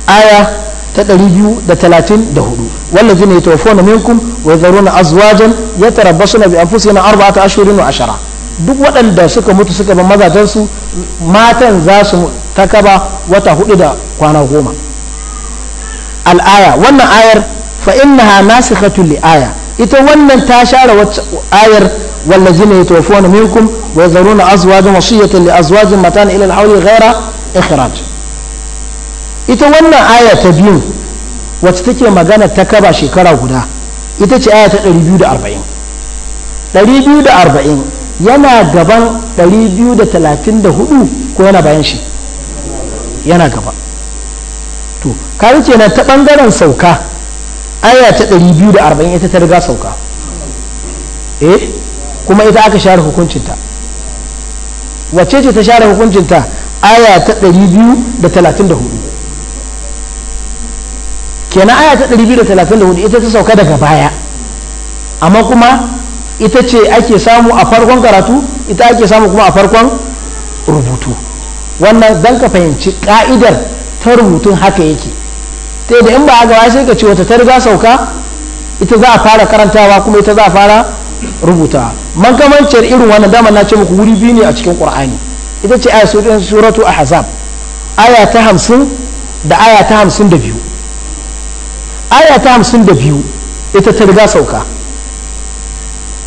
aya ta 234 wallazina yatawaffawna minkum wa yadharuna azwajan yatarabbasuna bi anfusihim arba'ata ashhurin wa ashara duk waɗanda suka mutu suka ba mazajensu matan za su takaba wata hudu da kwana goma al'aya wannan ayar fa innaha nasikhatun li aya ita wannan ta share wacce ayar wallazina yatawaffawna minkum wa yazaruna azwajan wasiyatan li azwajin matan ila al-hawli ghaira ikhraj ita wannan aya ta biyu wacce take magana ta kaba shekara guda ita ce aya ta 240 240 yana gaban 234 ko yana bayan shi yana gaba to ce na ta bangaren sauka aya ta 240 ita ta riga sauka eh kuma ita aka share hukuncinta wace ce ta share hukuncinta aya ta 234 kenan aya ta 234 ita ta sauka daga baya amma kuma ita ce ake samu a farkon karatu ita ake samu kuma a farkon rubutu wannan don ka fahimci ka'idar ta rubutun haka yake ta yadda in ba a gaba sai ka ce wata ta riga sauka ita za a fara karantawa kuma ita za a fara rubuta mankamanciyar irin wannan dama na ce muku wuri biyu ne a cikin qur'ani ita ce aya suratu ahzab aya ta hamsin da aya ta hamsin da biyu aya ta hamsin da biyu ita ta riga sauka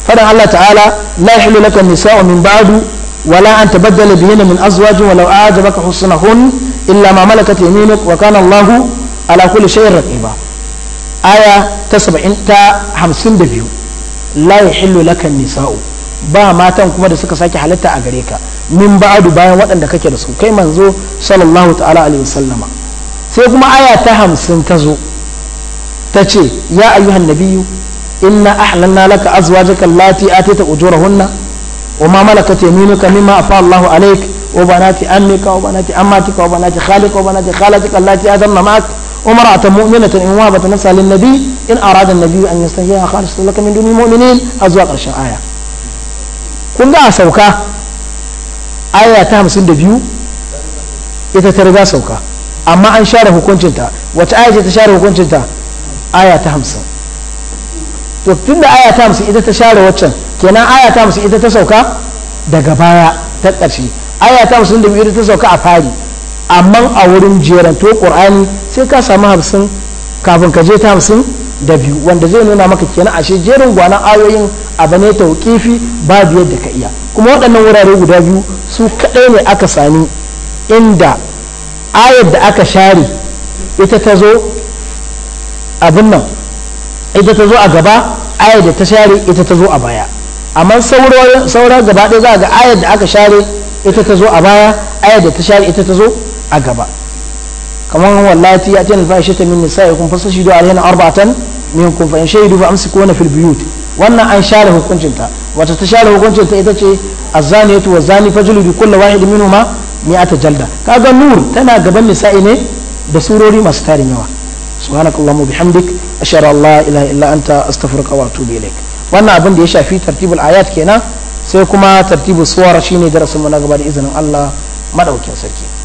fadan Allah ta'ala la yahlu laka nisa'u min ba'du wala an tabaddala bihinna min azwajin walau a'jabaka husnahun illa ma malakat yaminuk wa kana ala kulli shay'in raqiba aya ta 70 ta 52 la yahlu laka nisa'u ba matan kuma da suka sake halatta a gare ka min ba'du bayan waɗanda kake da su kai manzo sallallahu ta'ala alaihi wasallama sai kuma aya ta hamsin ta zo ta ce ya yi. nabiyyu inna ahlalna laka azwajaka allati atita ujurahunna wa ma malakat yaminuka mimma afa Allahu alayk wa banati ammika wa banati ammatika wa banati khalika wa banati khalatika allati atanna ma'ak ومرأة مؤمنة إن وهبت نفسها للنبي إن أراد النبي أن يستنجيها خالصة لك من دون المؤمنين أزواج الشرع آية kun ga a sauka aya ta hamsin da biyu ita ta riga sauka amma an share hukuncinta wata aya ce ta share hukuncinta aya ta hamsin to tun da aya ta musu ita ta share waccan kenan aya ta musu ita ta sauka daga baya ta ƙarshe aya ta musu da ita ta sauka a fari amma a wurin jeran to qur'ani sai ka samu hamsin kafin ka je ta hamsin da biyu wanda zai nuna maka kenan ashe jerin gwanan ayoyin abu ne ba biyar yadda ka iya kuma waɗannan wurare guda biyu su kaɗai ne aka sami inda ayar da aka share ita ta zo abin nan ita ta zo a gaba ayar da ta share ita ta zo a baya amma sauran gaba ɗaya za ga ayar da aka share ita ta zo a baya ayar da ta share ita ta zo a gaba kamar wallati ya tana fa shi ta min nisa ya kun fasa shi do arba'atan min kun fa in shaidu fa amsikuna fil buyut wannan an share hukuncinta wata ta share hukuncinta ita ce azaniyatu wa zani fajlidu kullu wahid minhuma mi'ata jalda kaga nur tana gaban nisa'i ne da surori masu tarin yawa subhanakallahumma bihamdik ashhadu an la ilaha illa anta astaghfiruka wa atubu ilaik wannan abin da ya shafi tartibul ayat kenan sai kuma tartibul suwar shine darasin mu na gaba da izinin Allah madaukin sarki